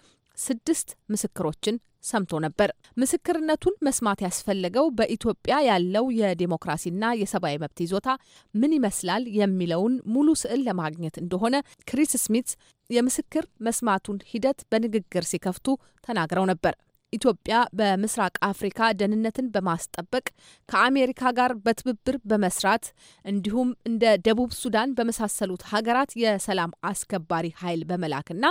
ስድስት ምስክሮችን ሰምቶ ነበር። ምስክርነቱን መስማት ያስፈለገው በኢትዮጵያ ያለው የዴሞክራሲና የሰብአዊ መብት ይዞታ ምን ይመስላል የሚለውን ሙሉ ስዕል ለማግኘት እንደሆነ ክሪስ ስሚት የምስክር መስማቱን ሂደት በንግግር ሲከፍቱ ተናግረው ነበር። ኢትዮጵያ በምስራቅ አፍሪካ ደህንነትን በማስጠበቅ ከአሜሪካ ጋር በትብብር በመስራት እንዲሁም እንደ ደቡብ ሱዳን በመሳሰሉት ሀገራት የሰላም አስከባሪ ኃይል በመላክና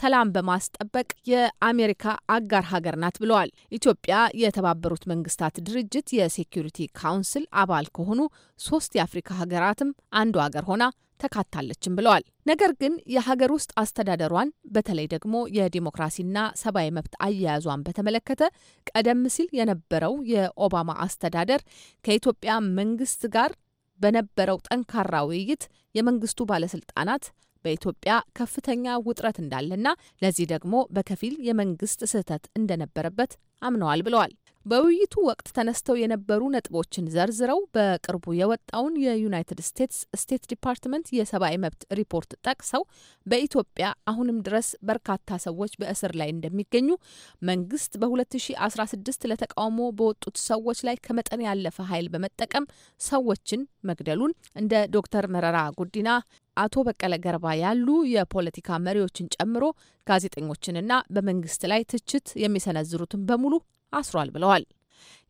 ሰላም በማስጠበቅ የአሜሪካ አጋር ሀገር ናት ብለዋል። ኢትዮጵያ የተባበሩት መንግስታት ድርጅት የሴኩሪቲ ካውንስል አባል ከሆኑ ሶስት የአፍሪካ ሀገራትም አንዱ ሀገር ሆና ተካታለችም ብለዋል። ነገር ግን የሀገር ውስጥ አስተዳደሯን በተለይ ደግሞ የዲሞክራሲና ሰብአዊ መብት አያያዟን በተመለከተ ቀደም ሲል የነበረው የኦባማ አስተዳደር ከኢትዮጵያ መንግስት ጋር በነበረው ጠንካራ ውይይት የመንግስቱ ባለስልጣናት በኢትዮጵያ ከፍተኛ ውጥረት እንዳለና ለዚህ ደግሞ በከፊል የመንግስት ስህተት እንደነበረበት አምነዋል ብለዋል። በውይይቱ ወቅት ተነስተው የነበሩ ነጥቦችን ዘርዝረው በቅርቡ የወጣውን የዩናይትድ ስቴትስ ስቴት ዲፓርትመንት የሰብአዊ መብት ሪፖርት ጠቅሰው በኢትዮጵያ አሁንም ድረስ በርካታ ሰዎች በእስር ላይ እንደሚገኙ፣ መንግስት በ2016 ለተቃውሞ በወጡት ሰዎች ላይ ከመጠን ያለፈ ኃይል በመጠቀም ሰዎችን መግደሉን እንደ ዶክተር መረራ ጉዲና አቶ በቀለ ገርባ ያሉ የፖለቲካ መሪዎችን ጨምሮ ጋዜጠኞችንና በመንግስት ላይ ትችት የሚሰነዝሩትን በሙሉ አስሯል ብለዋል።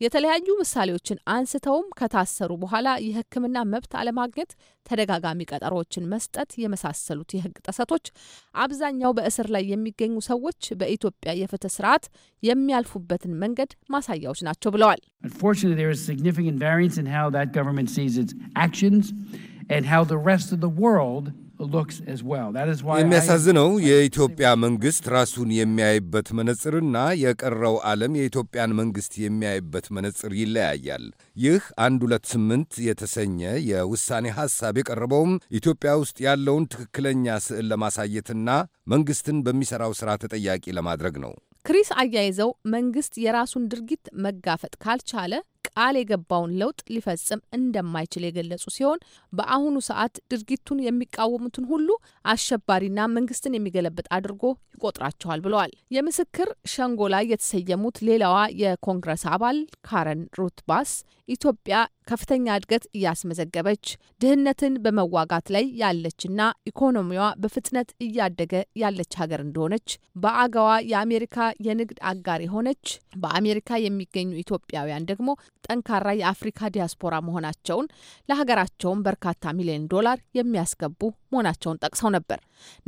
የተለያዩ ምሳሌዎችን አንስተውም ከታሰሩ በኋላ የሕክምና መብት አለማግኘት፣ ተደጋጋሚ ቀጠሮዎችን መስጠት የመሳሰሉት የሕግ ጥሰቶች አብዛኛው በእስር ላይ የሚገኙ ሰዎች በኢትዮጵያ የፍትህ ስርዓት የሚያልፉበትን መንገድ ማሳያዎች ናቸው ብለዋል። የሚያሳዝነው የኢትዮጵያ መንግሥት ራሱን የሚያይበት መነጽርና የቀረው ዓለም የኢትዮጵያን መንግሥት የሚያይበት መነጽር ይለያያል። ይህ 128 የተሰኘ የውሳኔ ሐሳብ የቀረበውም ኢትዮጵያ ውስጥ ያለውን ትክክለኛ ስዕል ለማሳየትና መንግሥትን በሚሠራው ሥራ ተጠያቂ ለማድረግ ነው። ክሪስ አያይዘው መንግሥት የራሱን ድርጊት መጋፈጥ ካልቻለ ቃል የገባውን ለውጥ ሊፈጽም እንደማይችል የገለጹ ሲሆን በአሁኑ ሰዓት ድርጊቱን የሚቃወሙትን ሁሉ አሸባሪና መንግስትን የሚገለብጥ አድርጎ ይቆጥራቸዋል ብለዋል። የምስክር ሸንጎ ላይ የተሰየሙት ሌላዋ የኮንግረስ አባል ካረን ሩት ባስ ኢትዮጵያ ከፍተኛ እድገት እያስመዘገበች ድህነትን በመዋጋት ላይ ያለችና ኢኮኖሚዋ በፍጥነት እያደገ ያለች ሀገር እንደሆነች በአገዋ የአሜሪካ የንግድ አጋር የሆነች በአሜሪካ የሚገኙ ኢትዮጵያውያን ደግሞ ጠንካራ የአፍሪካ ዲያስፖራ መሆናቸውን ለሀገራቸውም በርካታ ሚሊዮን ዶላር የሚያስገቡ መሆናቸውን ጠቅሰው ነበር።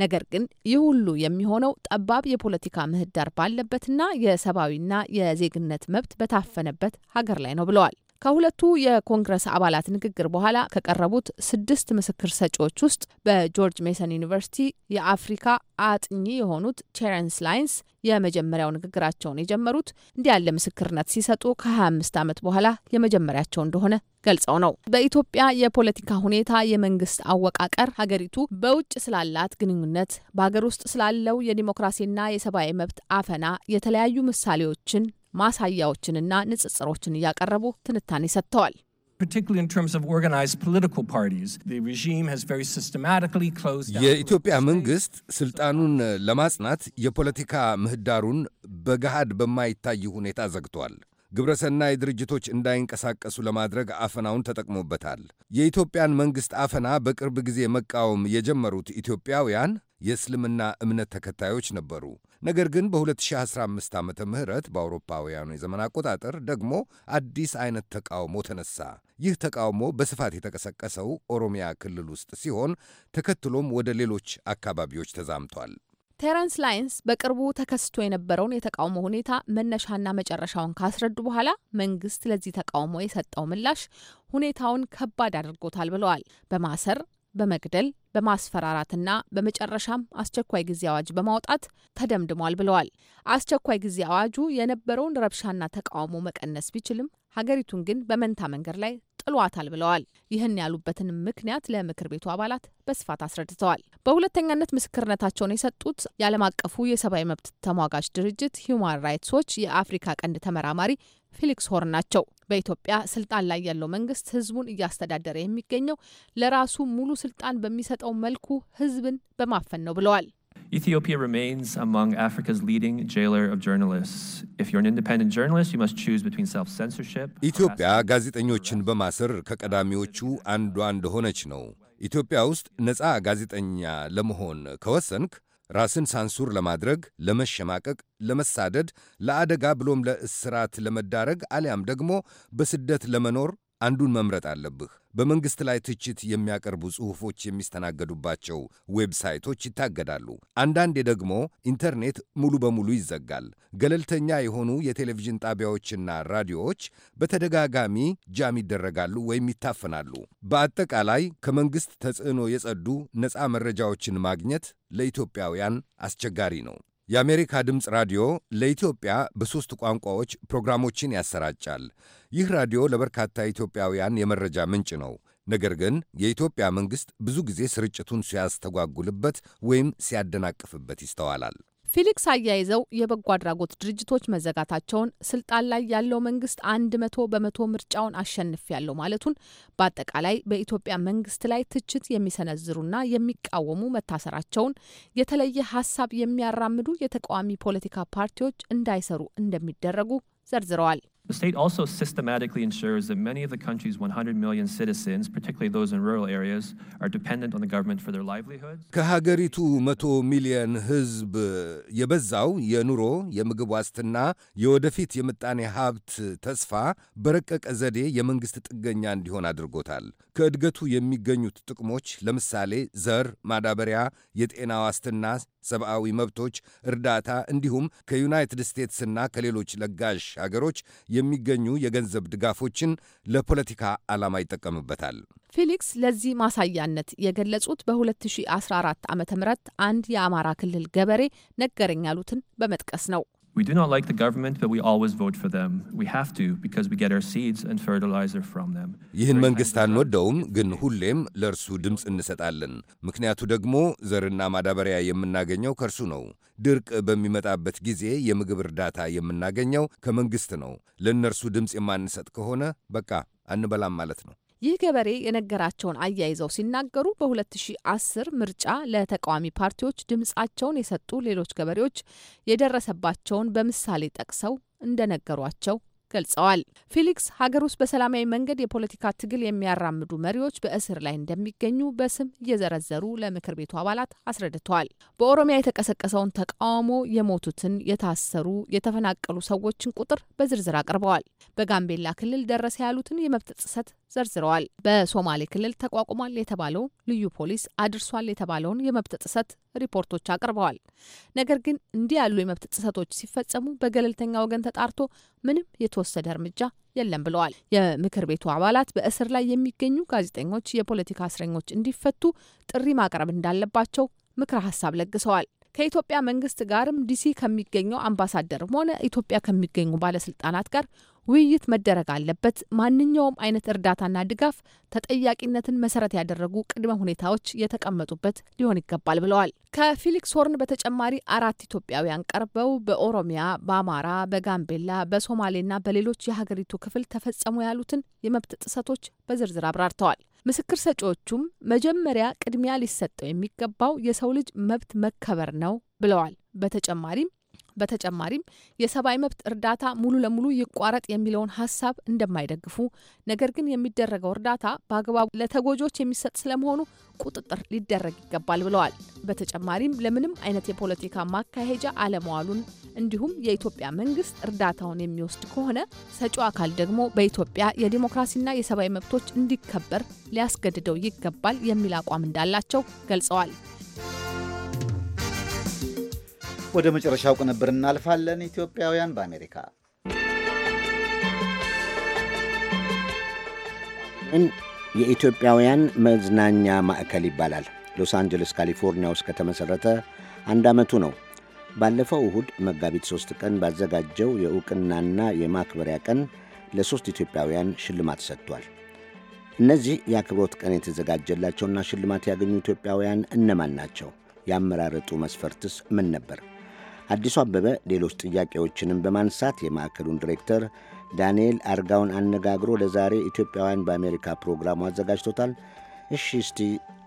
ነገር ግን ይህ ሁሉ የሚሆነው ጠባብ የፖለቲካ ምህዳር ባለበትና የሰብአዊና የዜግነት መብት በታፈነበት ሀገር ላይ ነው ብለዋል። ከሁለቱ የኮንግረስ አባላት ንግግር በኋላ ከቀረቡት ስድስት ምስክር ሰጪዎች ውስጥ በጆርጅ ሜሰን ዩኒቨርሲቲ የአፍሪካ አጥኚ የሆኑት ቴረንስ ላይንስ የመጀመሪያው ንግግራቸውን የጀመሩት እንዲህ ያለ ምስክርነት ሲሰጡ ከ25 ዓመት በኋላ የመጀመሪያቸው እንደሆነ ገልጸው ነው። በኢትዮጵያ የፖለቲካ ሁኔታ፣ የመንግስት አወቃቀር፣ ሀገሪቱ በውጭ ስላላት ግንኙነት፣ በሀገር ውስጥ ስላለው የዲሞክራሲና የሰብአዊ መብት አፈና የተለያዩ ምሳሌዎችን ማሳያዎችንና ንጽጽሮችን እያቀረቡ ትንታኔ ሰጥተዋል። የኢትዮጵያ መንግሥት ሥልጣኑን ለማጽናት የፖለቲካ ምህዳሩን በገሃድ በማይታይ ሁኔታ ዘግቷል። ግብረሰናይ ድርጅቶች እንዳይንቀሳቀሱ ለማድረግ አፈናውን ተጠቅሞበታል። የኢትዮጵያን መንግሥት አፈና በቅርብ ጊዜ መቃወም የጀመሩት ኢትዮጵያውያን የእስልምና እምነት ተከታዮች ነበሩ። ነገር ግን በ2015 ዓመተ ምህረት በአውሮፓውያኑ የዘመን አቆጣጠር ደግሞ አዲስ አይነት ተቃውሞ ተነሳ። ይህ ተቃውሞ በስፋት የተቀሰቀሰው ኦሮሚያ ክልል ውስጥ ሲሆን ተከትሎም ወደ ሌሎች አካባቢዎች ተዛምቷል። ቴረንስ ላይንስ በቅርቡ ተከስቶ የነበረውን የተቃውሞ ሁኔታ መነሻና መጨረሻውን ካስረዱ በኋላ መንግስት ለዚህ ተቃውሞ የሰጠው ምላሽ ሁኔታውን ከባድ አድርጎታል ብለዋል። በማሰር በመግደል በማስፈራራትና በመጨረሻም አስቸኳይ ጊዜ አዋጅ በማውጣት ተደምድሟል ብለዋል። አስቸኳይ ጊዜ አዋጁ የነበረውን ረብሻና ተቃውሞ መቀነስ ቢችልም ሀገሪቱን ግን በመንታ መንገድ ላይ ጥሏታል ብለዋል። ይህን ያሉበትን ምክንያት ለምክር ቤቱ አባላት በስፋት አስረድተዋል። በሁለተኛነት ምስክርነታቸውን የሰጡት የዓለም አቀፉ የሰብአዊ መብት ተሟጋች ድርጅት ሂዩማን ራይትስ ዎች የአፍሪካ ቀንድ ተመራማሪ ፊሊክስ ሆርን ናቸው። በኢትዮጵያ ስልጣን ላይ ያለው መንግስት ህዝቡን እያስተዳደረ የሚገኘው ለራሱ ሙሉ ስልጣን በሚሰጠው መልኩ ህዝብን በማፈን ነው ብለዋል። Ethiopia remains among Africa's leading jailer of journalists. If you're an independent journalist, you must choose between self-censorship. ኢትዮጵያ ጋዜጠኞችን በማሰር ከቀዳሚዎቹ አንዷ እንደሆነች ነው። ኢትዮጵያ ውስጥ ነፃ ጋዜጠኛ ለመሆን ከወሰንክ ራስን ሳንሱር ለማድረግ፣ ለመሸማቀቅ፣ ለመሳደድ፣ ለአደጋ ብሎም ለእስራት ለመዳረግ አሊያም ደግሞ በስደት ለመኖር አንዱን መምረጥ አለብህ። በመንግሥት ላይ ትችት የሚያቀርቡ ጽሑፎች የሚስተናገዱባቸው ዌብሳይቶች ይታገዳሉ። አንዳንዴ ደግሞ ኢንተርኔት ሙሉ በሙሉ ይዘጋል። ገለልተኛ የሆኑ የቴሌቪዥን ጣቢያዎችና ራዲዮዎች በተደጋጋሚ ጃም ይደረጋሉ ወይም ይታፈናሉ። በአጠቃላይ ከመንግሥት ተጽዕኖ የጸዱ ነፃ መረጃዎችን ማግኘት ለኢትዮጵያውያን አስቸጋሪ ነው። የአሜሪካ ድምፅ ራዲዮ ለኢትዮጵያ በሦስት ቋንቋዎች ፕሮግራሞችን ያሰራጫል። ይህ ራዲዮ ለበርካታ ኢትዮጵያውያን የመረጃ ምንጭ ነው። ነገር ግን የኢትዮጵያ መንግሥት ብዙ ጊዜ ስርጭቱን ሲያስተጓጉልበት ወይም ሲያደናቅፍበት ይስተዋላል። ፊሊክስ አያይዘው የበጎ አድራጎት ድርጅቶች መዘጋታቸውን፣ ስልጣን ላይ ያለው መንግስት አንድ መቶ በመቶ ምርጫውን አሸንፍ ያለው ማለቱን፣ በአጠቃላይ በኢትዮጵያ መንግስት ላይ ትችት የሚሰነዝሩና የሚቃወሙ መታሰራቸውን፣ የተለየ ሀሳብ የሚያራምዱ የተቃዋሚ ፖለቲካ ፓርቲዎች እንዳይሰሩ እንደሚደረጉ ዘርዝረዋል። The state also systematically ensures that many of the country's 100 million citizens, particularly those in rural areas, are dependent on the government for their livelihoods. ከሀገሪቱ መቶ ሚሊዮን ሕዝብ የበዛው የኑሮ የምግብ ዋስትና የወደፊት የምጣኔ ሀብት ተስፋ በረቀቀ ዘዴ የመንግሥት ጥገኛ እንዲሆን አድርጎታል። ከእድገቱ የሚገኙት ጥቅሞች ለምሳሌ ዘር፣ ማዳበሪያ፣ የጤና ዋስትና ሰብአዊ መብቶች፣ እርዳታ እንዲሁም ከዩናይትድ ስቴትስና ከሌሎች ለጋሽ አገሮች የሚገኙ የገንዘብ ድጋፎችን ለፖለቲካ ዓላማ ይጠቀምበታል። ፊሊክስ ለዚህ ማሳያነት የገለጹት በ2014 ዓ ም አንድ የአማራ ክልል ገበሬ ነገረኝ ያሉትን በመጥቀስ ነው። We do not like the government, but we always vote for them. We have to because we get our seeds and fertilizer from them. ይህን መንግስት አንወደውም፣ ግን ሁሌም ለእርሱ ድምፅ እንሰጣለን። ምክንያቱ ደግሞ ዘርና ማዳበሪያ የምናገኘው ከእርሱ ነው። ድርቅ በሚመጣበት ጊዜ የምግብ እርዳታ የምናገኘው ከመንግስት ነው። ለእነርሱ ድምፅ የማንሰጥ ከሆነ በቃ አንበላም ማለት ነው። ይህ ገበሬ የነገራቸውን አያይዘው ሲናገሩ በ2010 ምርጫ ለተቃዋሚ ፓርቲዎች ድምጻቸውን የሰጡ ሌሎች ገበሬዎች የደረሰባቸውን በምሳሌ ጠቅሰው እንደነገሯቸው ገልጸዋል። ፊሊክስ ሀገር ውስጥ በሰላማዊ መንገድ የፖለቲካ ትግል የሚያራምዱ መሪዎች በእስር ላይ እንደሚገኙ በስም እየዘረዘሩ ለምክር ቤቱ አባላት አስረድተዋል። በኦሮሚያ የተቀሰቀሰውን ተቃውሞ የሞቱትን፣ የታሰሩ፣ የተፈናቀሉ ሰዎችን ቁጥር በዝርዝር አቅርበዋል። በጋምቤላ ክልል ደረሰ ያሉትን የመብት ጥሰት ዘርዝረዋል። በሶማሌ ክልል ተቋቁሟል የተባለው ልዩ ፖሊስ አድርሷል የተባለውን የመብት ጥሰት ሪፖርቶች አቅርበዋል። ነገር ግን እንዲህ ያሉ የመብት ጥሰቶች ሲፈጸሙ በገለልተኛ ወገን ተጣርቶ ምንም የተወሰደ እርምጃ የለም ብለዋል። የምክር ቤቱ አባላት በእስር ላይ የሚገኙ ጋዜጠኞች፣ የፖለቲካ እስረኞች እንዲፈቱ ጥሪ ማቅረብ እንዳለባቸው ምክረ ሀሳብ ለግሰዋል። ከኢትዮጵያ መንግስት ጋርም ዲሲ ከሚገኘው አምባሳደርም ሆነ ኢትዮጵያ ከሚገኙ ባለስልጣናት ጋር ውይይት መደረግ አለበት። ማንኛውም አይነት እርዳታና ድጋፍ ተጠያቂነትን መሰረት ያደረጉ ቅድመ ሁኔታዎች የተቀመጡበት ሊሆን ይገባል ብለዋል። ከፊሊክስ ሆርን በተጨማሪ አራት ኢትዮጵያውያን ቀርበው በኦሮሚያ፣ በአማራ፣ በጋምቤላ፣ በሶማሌና በሌሎች የሀገሪቱ ክፍል ተፈጸሙ ያሉትን የመብት ጥሰቶች በዝርዝር አብራርተዋል። ምስክር ሰጪዎቹም መጀመሪያ ቅድሚያ ሊሰጠው የሚገባው የሰው ልጅ መብት መከበር ነው ብለዋል። በተጨማሪም በተጨማሪም የሰብአዊ መብት እርዳታ ሙሉ ለሙሉ ይቋረጥ የሚለውን ሀሳብ እንደማይደግፉ፣ ነገር ግን የሚደረገው እርዳታ በአግባቡ ለተጎጆች የሚሰጥ ስለመሆኑ ቁጥጥር ሊደረግ ይገባል ብለዋል። በተጨማሪም ለምንም አይነት የፖለቲካ ማካሄጃ አለመዋሉን እንዲሁም የኢትዮጵያ መንግስት እርዳታውን የሚወስድ ከሆነ ሰጪው አካል ደግሞ በኢትዮጵያ የዲሞክራሲና የሰብአዊ መብቶች እንዲከበር ሊያስገድደው ይገባል የሚል አቋም እንዳላቸው ገልጸዋል። ወደ መጨረሻው ቅንብር እናልፋለን። ኢትዮጵያውያን በአሜሪካ የኢትዮጵያውያን መዝናኛ ማዕከል ይባላል። ሎስ አንጀለስ ካሊፎርኒያ ውስጥ ከተመሠረተ አንድ ዓመቱ ነው። ባለፈው እሁድ መጋቢት ሦስት ቀን ባዘጋጀው የዕውቅናና የማክበሪያ ቀን ለሦስት ኢትዮጵያውያን ሽልማት ሰጥቷል። እነዚህ የአክብሮት ቀን የተዘጋጀላቸውና ሽልማት ያገኙ ኢትዮጵያውያን እነማን ናቸው? ያመራረጡ መስፈርትስ ምን ነበር? አዲሱ አበበ ሌሎች ጥያቄዎችንም በማንሳት የማዕከሉን ዲሬክተር ዳንኤል አርጋውን አነጋግሮ ለዛሬ ኢትዮጵያውያን በአሜሪካ ፕሮግራሙ አዘጋጅቶታል። እሺ እስቲ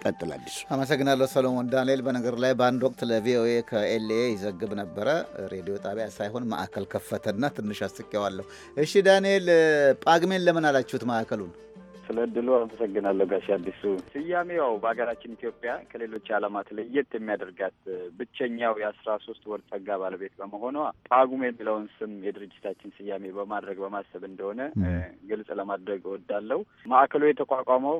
ቀጥል አዲሱ። አመሰግናለሁ ሰሎሞን። ዳንኤል በነገር ላይ በአንድ ወቅት ለቪኦኤ ከኤልኤ ይዘግብ ነበረ። ሬዲዮ ጣቢያ ሳይሆን ማዕከል ከፈተና ትንሽ አስቄዋለሁ። እሺ ዳንኤል፣ ጳግሜን ለምን አላችሁት ማዕከሉን? ስለ እድሉ አመሰግናለሁ ጋሽ አዲሱ። ያው በሀገራችን ኢትዮጵያ ከሌሎች ዓለማት ለየት የሚያደርጋት ብቸኛው የአስራ ሶስት ወር ጸጋ ባለቤት በመሆኗ ጳጉም የሚለውን ስም የድርጅታችን ስያሜ በማድረግ በማሰብ እንደሆነ ግልጽ ለማድረግ እወዳለሁ። ማዕከሉ የተቋቋመው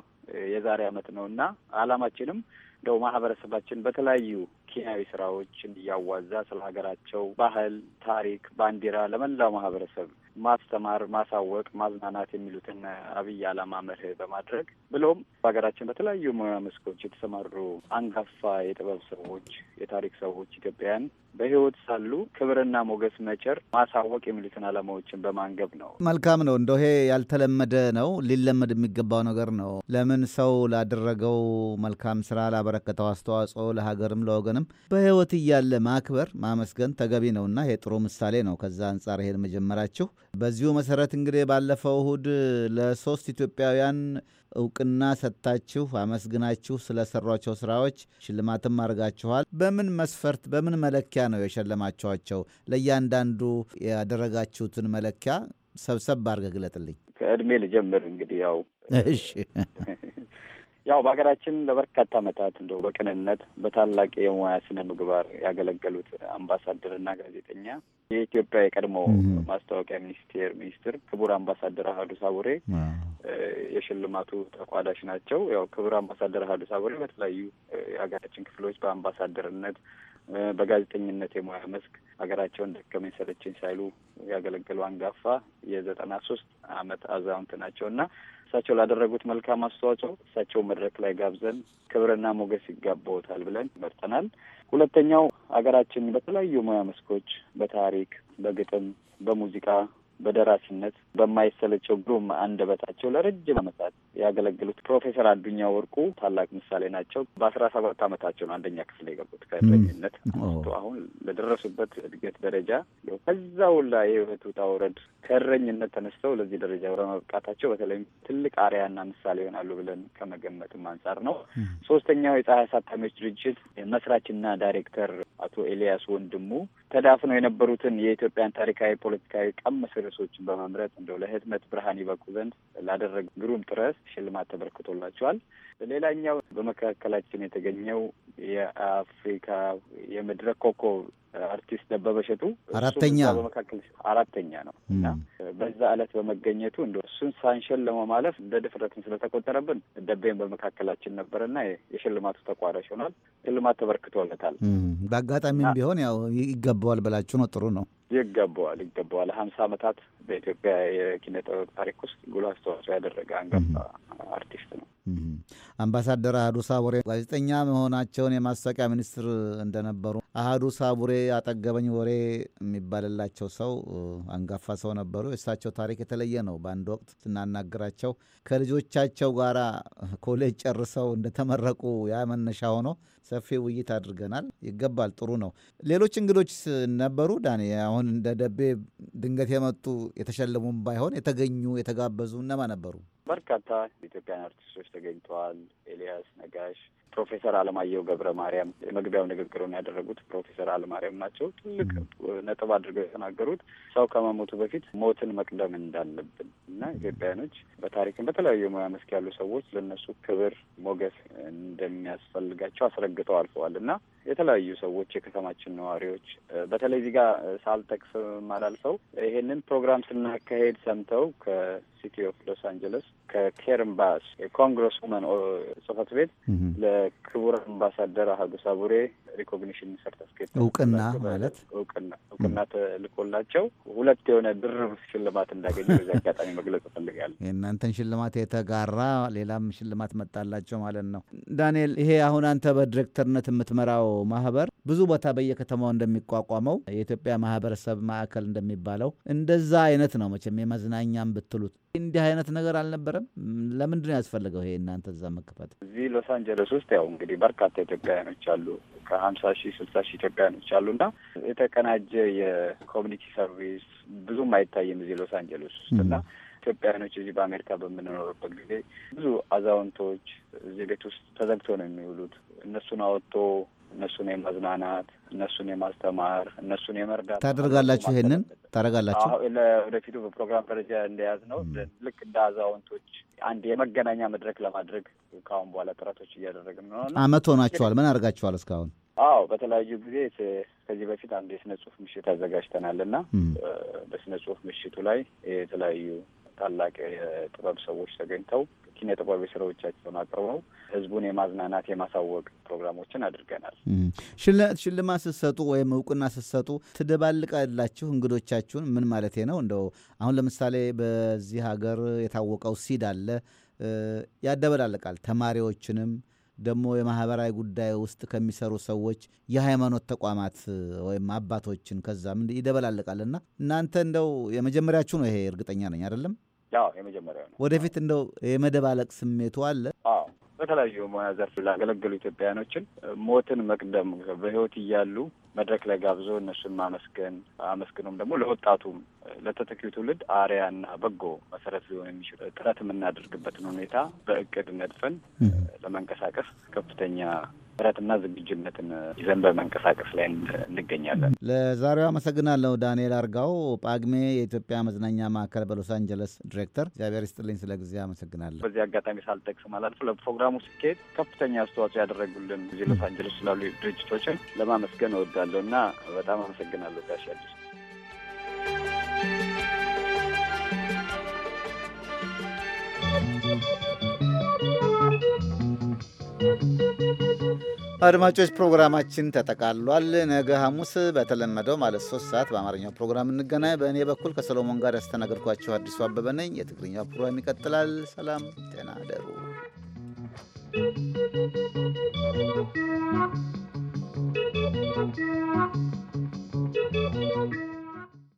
የዛሬ ዓመት ነው እና ዓላማችንም እንደው ማህበረሰባችን በተለያዩ ኪናዊ ስራዎችን እያዋዛ ስለ ሀገራቸው ባህል፣ ታሪክ፣ ባንዲራ ለመላው ማህበረሰብ ማስተማር፣ ማሳወቅ፣ ማዝናናት የሚሉትን አብይ ዓላማ መርህ በማድረግ ብሎም በሀገራችን በተለያዩ ሙያ መስኮች የተሰማሩ አንጋፋ የጥበብ ሰዎች፣ የታሪክ ሰዎች ኢትዮጵያውያን በህይወት ሳሉ ክብርና ሞገስ መቸር ማሳወቅ የሚሉትን ዓላማዎችን በማንገብ ነው። መልካም ነው። እንደው ይሄ ያልተለመደ ነው፣ ሊለመድ የሚገባው ነገር ነው። ለምን ሰው ላደረገው መልካም ስራ ላበረከተው አስተዋጽኦ ለሀገርም ለወገንም በህይወት እያለ ማክበር ማመስገን ተገቢ ነውና ይሄ ጥሩ ምሳሌ ነው። ከዛ አንጻር ይሄን መጀመራችሁ በዚሁ መሰረት እንግዲህ ባለፈው እሁድ ለሶስት ኢትዮጵያውያን እውቅና ሰጥታችሁ አመስግናችሁ ስለሰሯቸው ስራዎች ሽልማትም አድርጋችኋል። በምን መስፈርት በምን መለኪያ ነው የሸለማችኋቸው? ለእያንዳንዱ ያደረጋችሁትን መለኪያ ሰብሰብ አድርገህ ግለጥልኝ። ከእድሜ ልጀምር እንግዲህ ያው እሺ ያው በሀገራችን ለበርካታ አመታት እንደው በቅንነት በታላቅ የሙያ ስነ ምግባር ያገለገሉት አምባሳደርና ጋዜጠኛ የኢትዮጵያ የቀድሞ ማስታወቂያ ሚኒስቴር ሚኒስትር ክቡር አምባሳደር አህዱ ሳቡሬ የሽልማቱ ተቋዳሽ ናቸው። ያው ክቡር አምባሳደር ሀዲስ አበሬ በተለያዩ የሀገራችን ክፍሎች በአምባሳደርነት በጋዜጠኝነት የሙያ መስክ ሀገራቸውን ደከመኝ ሰለቸኝ ሳይሉ ያገለገሉ አንጋፋ የዘጠና ሶስት አመት አዛውንት ናቸው እና እሳቸው ላደረጉት መልካም አስተዋጽኦ እሳቸው መድረክ ላይ ጋብዘን ክብርና ሞገስ ይጋባውታል ብለን መርጠናል። ሁለተኛው ሀገራችን በተለያዩ ሙያ መስኮች በታሪክ፣ በግጥም፣ በሙዚቃ፣ በደራሲነት በማይሰለች ግሩም አንደበታቸው ለረጅም ዓመታት ያገለግሉት ፕሮፌሰር አዱኛ ወርቁ ታላቅ ምሳሌ ናቸው። በአስራ ሰባት ዓመታቸው ነው አንደኛ ክፍል የገቡት ከእረኝነት አንስቶ አሁን ለደረሱበት እድገት ደረጃ ከዛው ላ የህይወት ውጣ ውረድ ከእረኝነት ተነስተው ለዚህ ደረጃ በመብቃታቸው በተለይም ትልቅ አርያና ምሳሌ ይሆናሉ ብለን ከመገመትም አንጻር ነው። ሶስተኛው የፀሐይ አሳታሚዎች ድርጅት መስራችና ዳይሬክተር አቶ ኤልያስ ወንድሙ ተዳፍነው የነበሩትን የኢትዮጵያን ታሪካዊ፣ ፖለቲካዊ ቀመስ ርዕሶችን በመምረጥ እንደው ለህትመት ብርሃን ይበቁ ዘንድ ላደረግ ግሩም ጥረት ሽልማት ተበርክቶላቸዋል። ሌላኛው በመካከላችን የተገኘው የአፍሪካ የመድረክ ኮከብ አርቲስት ደበበ ሸቱ አራተኛ በመካከል አራተኛ ነው እና በዛ ዕለት በመገኘቱ እንደ እሱን ሳንሸል ለመማለፍ እንደ ድፍረትም ስለተቆጠረብን ደቤን በመካከላችን ነበርና የሽልማቱ ተቋዳሽ ሆኗል። ሽልማት ተበርክቶለታል። በአጋጣሚም ቢሆን ያው ይገባዋል ብላችሁ ነው። ጥሩ ነው። ይገባዋል ይገባዋል። ሀምሳ ዓመታት በኢትዮጵያ የኪነ ጥበብ ታሪክ ውስጥ ጉልህ አስተዋጽኦ ያደረገ አንጋፋ አርቲስት ነው። አምባሳደር አህዱ ሳቡሬ ጋዜጠኛ መሆናቸውን የማስታወቂያ ሚኒስትር እንደነበሩ አህዱ ሳቡሬ አጠገበኝ ወሬ የሚባልላቸው ሰው አንጋፋ ሰው ነበሩ። የእሳቸው ታሪክ የተለየ ነው። በአንድ ወቅት ስናናግራቸው ከልጆቻቸው ጋር ኮሌጅ ጨርሰው እንደተመረቁ ያ መነሻ ሆኖ ሰፊ ውይይት አድርገናል። ይገባል። ጥሩ ነው። ሌሎች እንግዶች ነበሩ ዳን አሁን እንደ ደቤ ድንገት የመጡ የተሸለሙም ባይሆን የተገኙ የተጋበዙ እነማን ነበሩ? በርካታ ኢትዮጵያን አርቲስቶች ተገኝተዋል። ኤልያስ ነጋሽ ፕሮፌሰር አለማየሁ ገብረ ማርያም የመግቢያው ንግግሩን ያደረጉት ፕሮፌሰር አለማርያም ናቸው። ትልቅ ነጥብ አድርገው የተናገሩት ሰው ከመሞቱ በፊት ሞትን መቅደም እንዳለብን እና ኢትዮጵያውያኖች በታሪክም በተለያዩ ሙያ መስክ ያሉ ሰዎች ለእነሱ ክብር ሞገስ እንደሚያስፈልጋቸው አስረግጠው አልፈዋል እና የተለያዩ ሰዎች የከተማችን ነዋሪዎች በተለይ እዚህ ጋር ሳልጠቅስ ማላልፈው ይሄንን ፕሮግራም ስናካሄድ ሰምተው ከሲቲ ኦፍ ሎስ አንጀለስ ከኬርምባስ የኮንግረስ ውመን ጽህፈት ቤት ክቡር አምባሳደር አህዱ ሳቡሬ ሪኮግኒሽን ሰርተፍኬት እውቅና ማለት እውቅና እውቅና ተልኮላቸው ሁለት የሆነ ድርብ ሽልማት እንዳገኘ በዚህ አጋጣሚ መግለጽ እፈልጋለሁ። የእናንተን ሽልማት የተጋራ ሌላም ሽልማት መጣላቸው ማለት ነው። ዳንኤል፣ ይሄ አሁን አንተ በዲሬክተርነት የምትመራው ማህበር ብዙ ቦታ በየከተማው እንደሚቋቋመው የኢትዮጵያ ማህበረሰብ ማዕከል እንደሚባለው እንደዛ አይነት ነው መቼም የመዝናኛም ብትሉት እንዲህ አይነት ነገር አልነበረም። ለምንድን ነው ያስፈልገው ይሄ እናንተ እዛ መከፈት? እዚህ ሎስ አንጀለስ ውስጥ ያው እንግዲህ በርካታ ኢትዮጵያውያኖች አሉ። ከሀምሳ ሺህ ስልሳ ሺህ ኢትዮጵያውያኖች አሉ እና የተቀናጀ የኮሚኒቲ ሰርቪስ ብዙም አይታይም እዚህ ሎስ አንጀለስ ውስጥ እና ኢትዮጵያውያኖች እዚህ በአሜሪካ በምንኖርበት ጊዜ ብዙ አዛውንቶች እዚህ ቤት ውስጥ ተዘግቶ ነው የሚውሉት። እነሱን አወጥቶ እነሱን የማዝናናት እነሱን የማስተማር እነሱን የመርዳት ታደርጋላችሁ። ይሄንን ታደርጋላችሁ። ወደፊቱ በፕሮግራም ደረጃ እንደያዝ ነው ልክ እንደ አዛውንቶች አንድ የመገናኛ መድረክ ለማድረግ ከአሁን በኋላ ጥረቶች እያደረግን ነው። አመት ሆናችኋል። ምን አድርጋችኋል እስካሁን? አዎ በተለያዩ ጊዜ ከዚህ በፊት አንድ የስነ ጽሁፍ ምሽት አዘጋጅተናል እና በስነ ጽሁፍ ምሽቱ ላይ የተለያዩ ታላቅ የጥበብ ሰዎች ተገኝተው ኪነ ጥበብ ስራዎቻቸውን አቅርበው ህዝቡን የማዝናናት የማሳወቅ ፕሮግራሞችን አድርገናል። ሽልማት ስትሰጡ ወይም እውቅና ስትሰጡ ትደባልቃላችሁ እንግዶቻችሁን? ምን ማለት ነው? እንደው አሁን ለምሳሌ በዚህ ሀገር የታወቀው ሲድ አለ ያደበላልቃል ተማሪዎችንም ደግሞ የማህበራዊ ጉዳይ ውስጥ ከሚሰሩ ሰዎች የሃይማኖት ተቋማት ወይም አባቶችን ከዛም ይደበላልቃልና እናንተ እንደው የመጀመሪያችሁ ነው ይሄ እርግጠኛ ነኝ አይደለም? ያው የመጀመሪያ ነው። ወደፊት እንደው የመደባለቅ ስሜቱ አለ። አዎ በተለያዩ ሙያ ዘርፍ ላገለገሉ ኢትዮጵያውያኖችን ሞትን መቅደም በህይወት እያሉ መድረክ ላይ ጋብዞ እነሱን ማመስገን አመስግኖም ደግሞ ለወጣቱም ለተተኪው ትውልድ አርያና በጎ መሰረት ሊሆን የሚችል ጥረት የምናደርግበትን ሁኔታ በእቅድ ነድፈን ለመንቀሳቀስ ከፍተኛ ጥረትና ዝግጁነትን ይዘን በመንቀሳቀስ ላይ እንገኛለን። ለዛሬው አመሰግናለሁ። ዳንኤል አርጋው ጳግሜ የኢትዮጵያ መዝናኛ ማዕከል በሎስ አንጀለስ ዲሬክተር፣ እግዚአብሔር ይስጥልኝ ስለ ጊዜ አመሰግናለሁ። በዚህ አጋጣሚ ሳልጠቅስ ማላልፍ ለፕሮግራሙ ስኬት ከፍተኛ አስተዋጽኦ ያደረጉልን እዚህ ሎስ አንጀለስ ስላሉ ድርጅቶችን ለማመስገን እወዳለሁ እና በጣም አመሰግናለሁ ጋሽ Thank you. አድማጮች ፕሮግራማችን ተጠቃሏል። ነገ ሐሙስ በተለመደው ማለት ሶስት ሰዓት በአማርኛው ፕሮግራም እንገናኝ። በእኔ በኩል ከሰሎሞን ጋር ያስተናገድኳቸው አዲሱ አበበ ነኝ። የትግርኛው ፕሮግራም ይቀጥላል። ሰላም፣ ጤና ደሩ Thank you.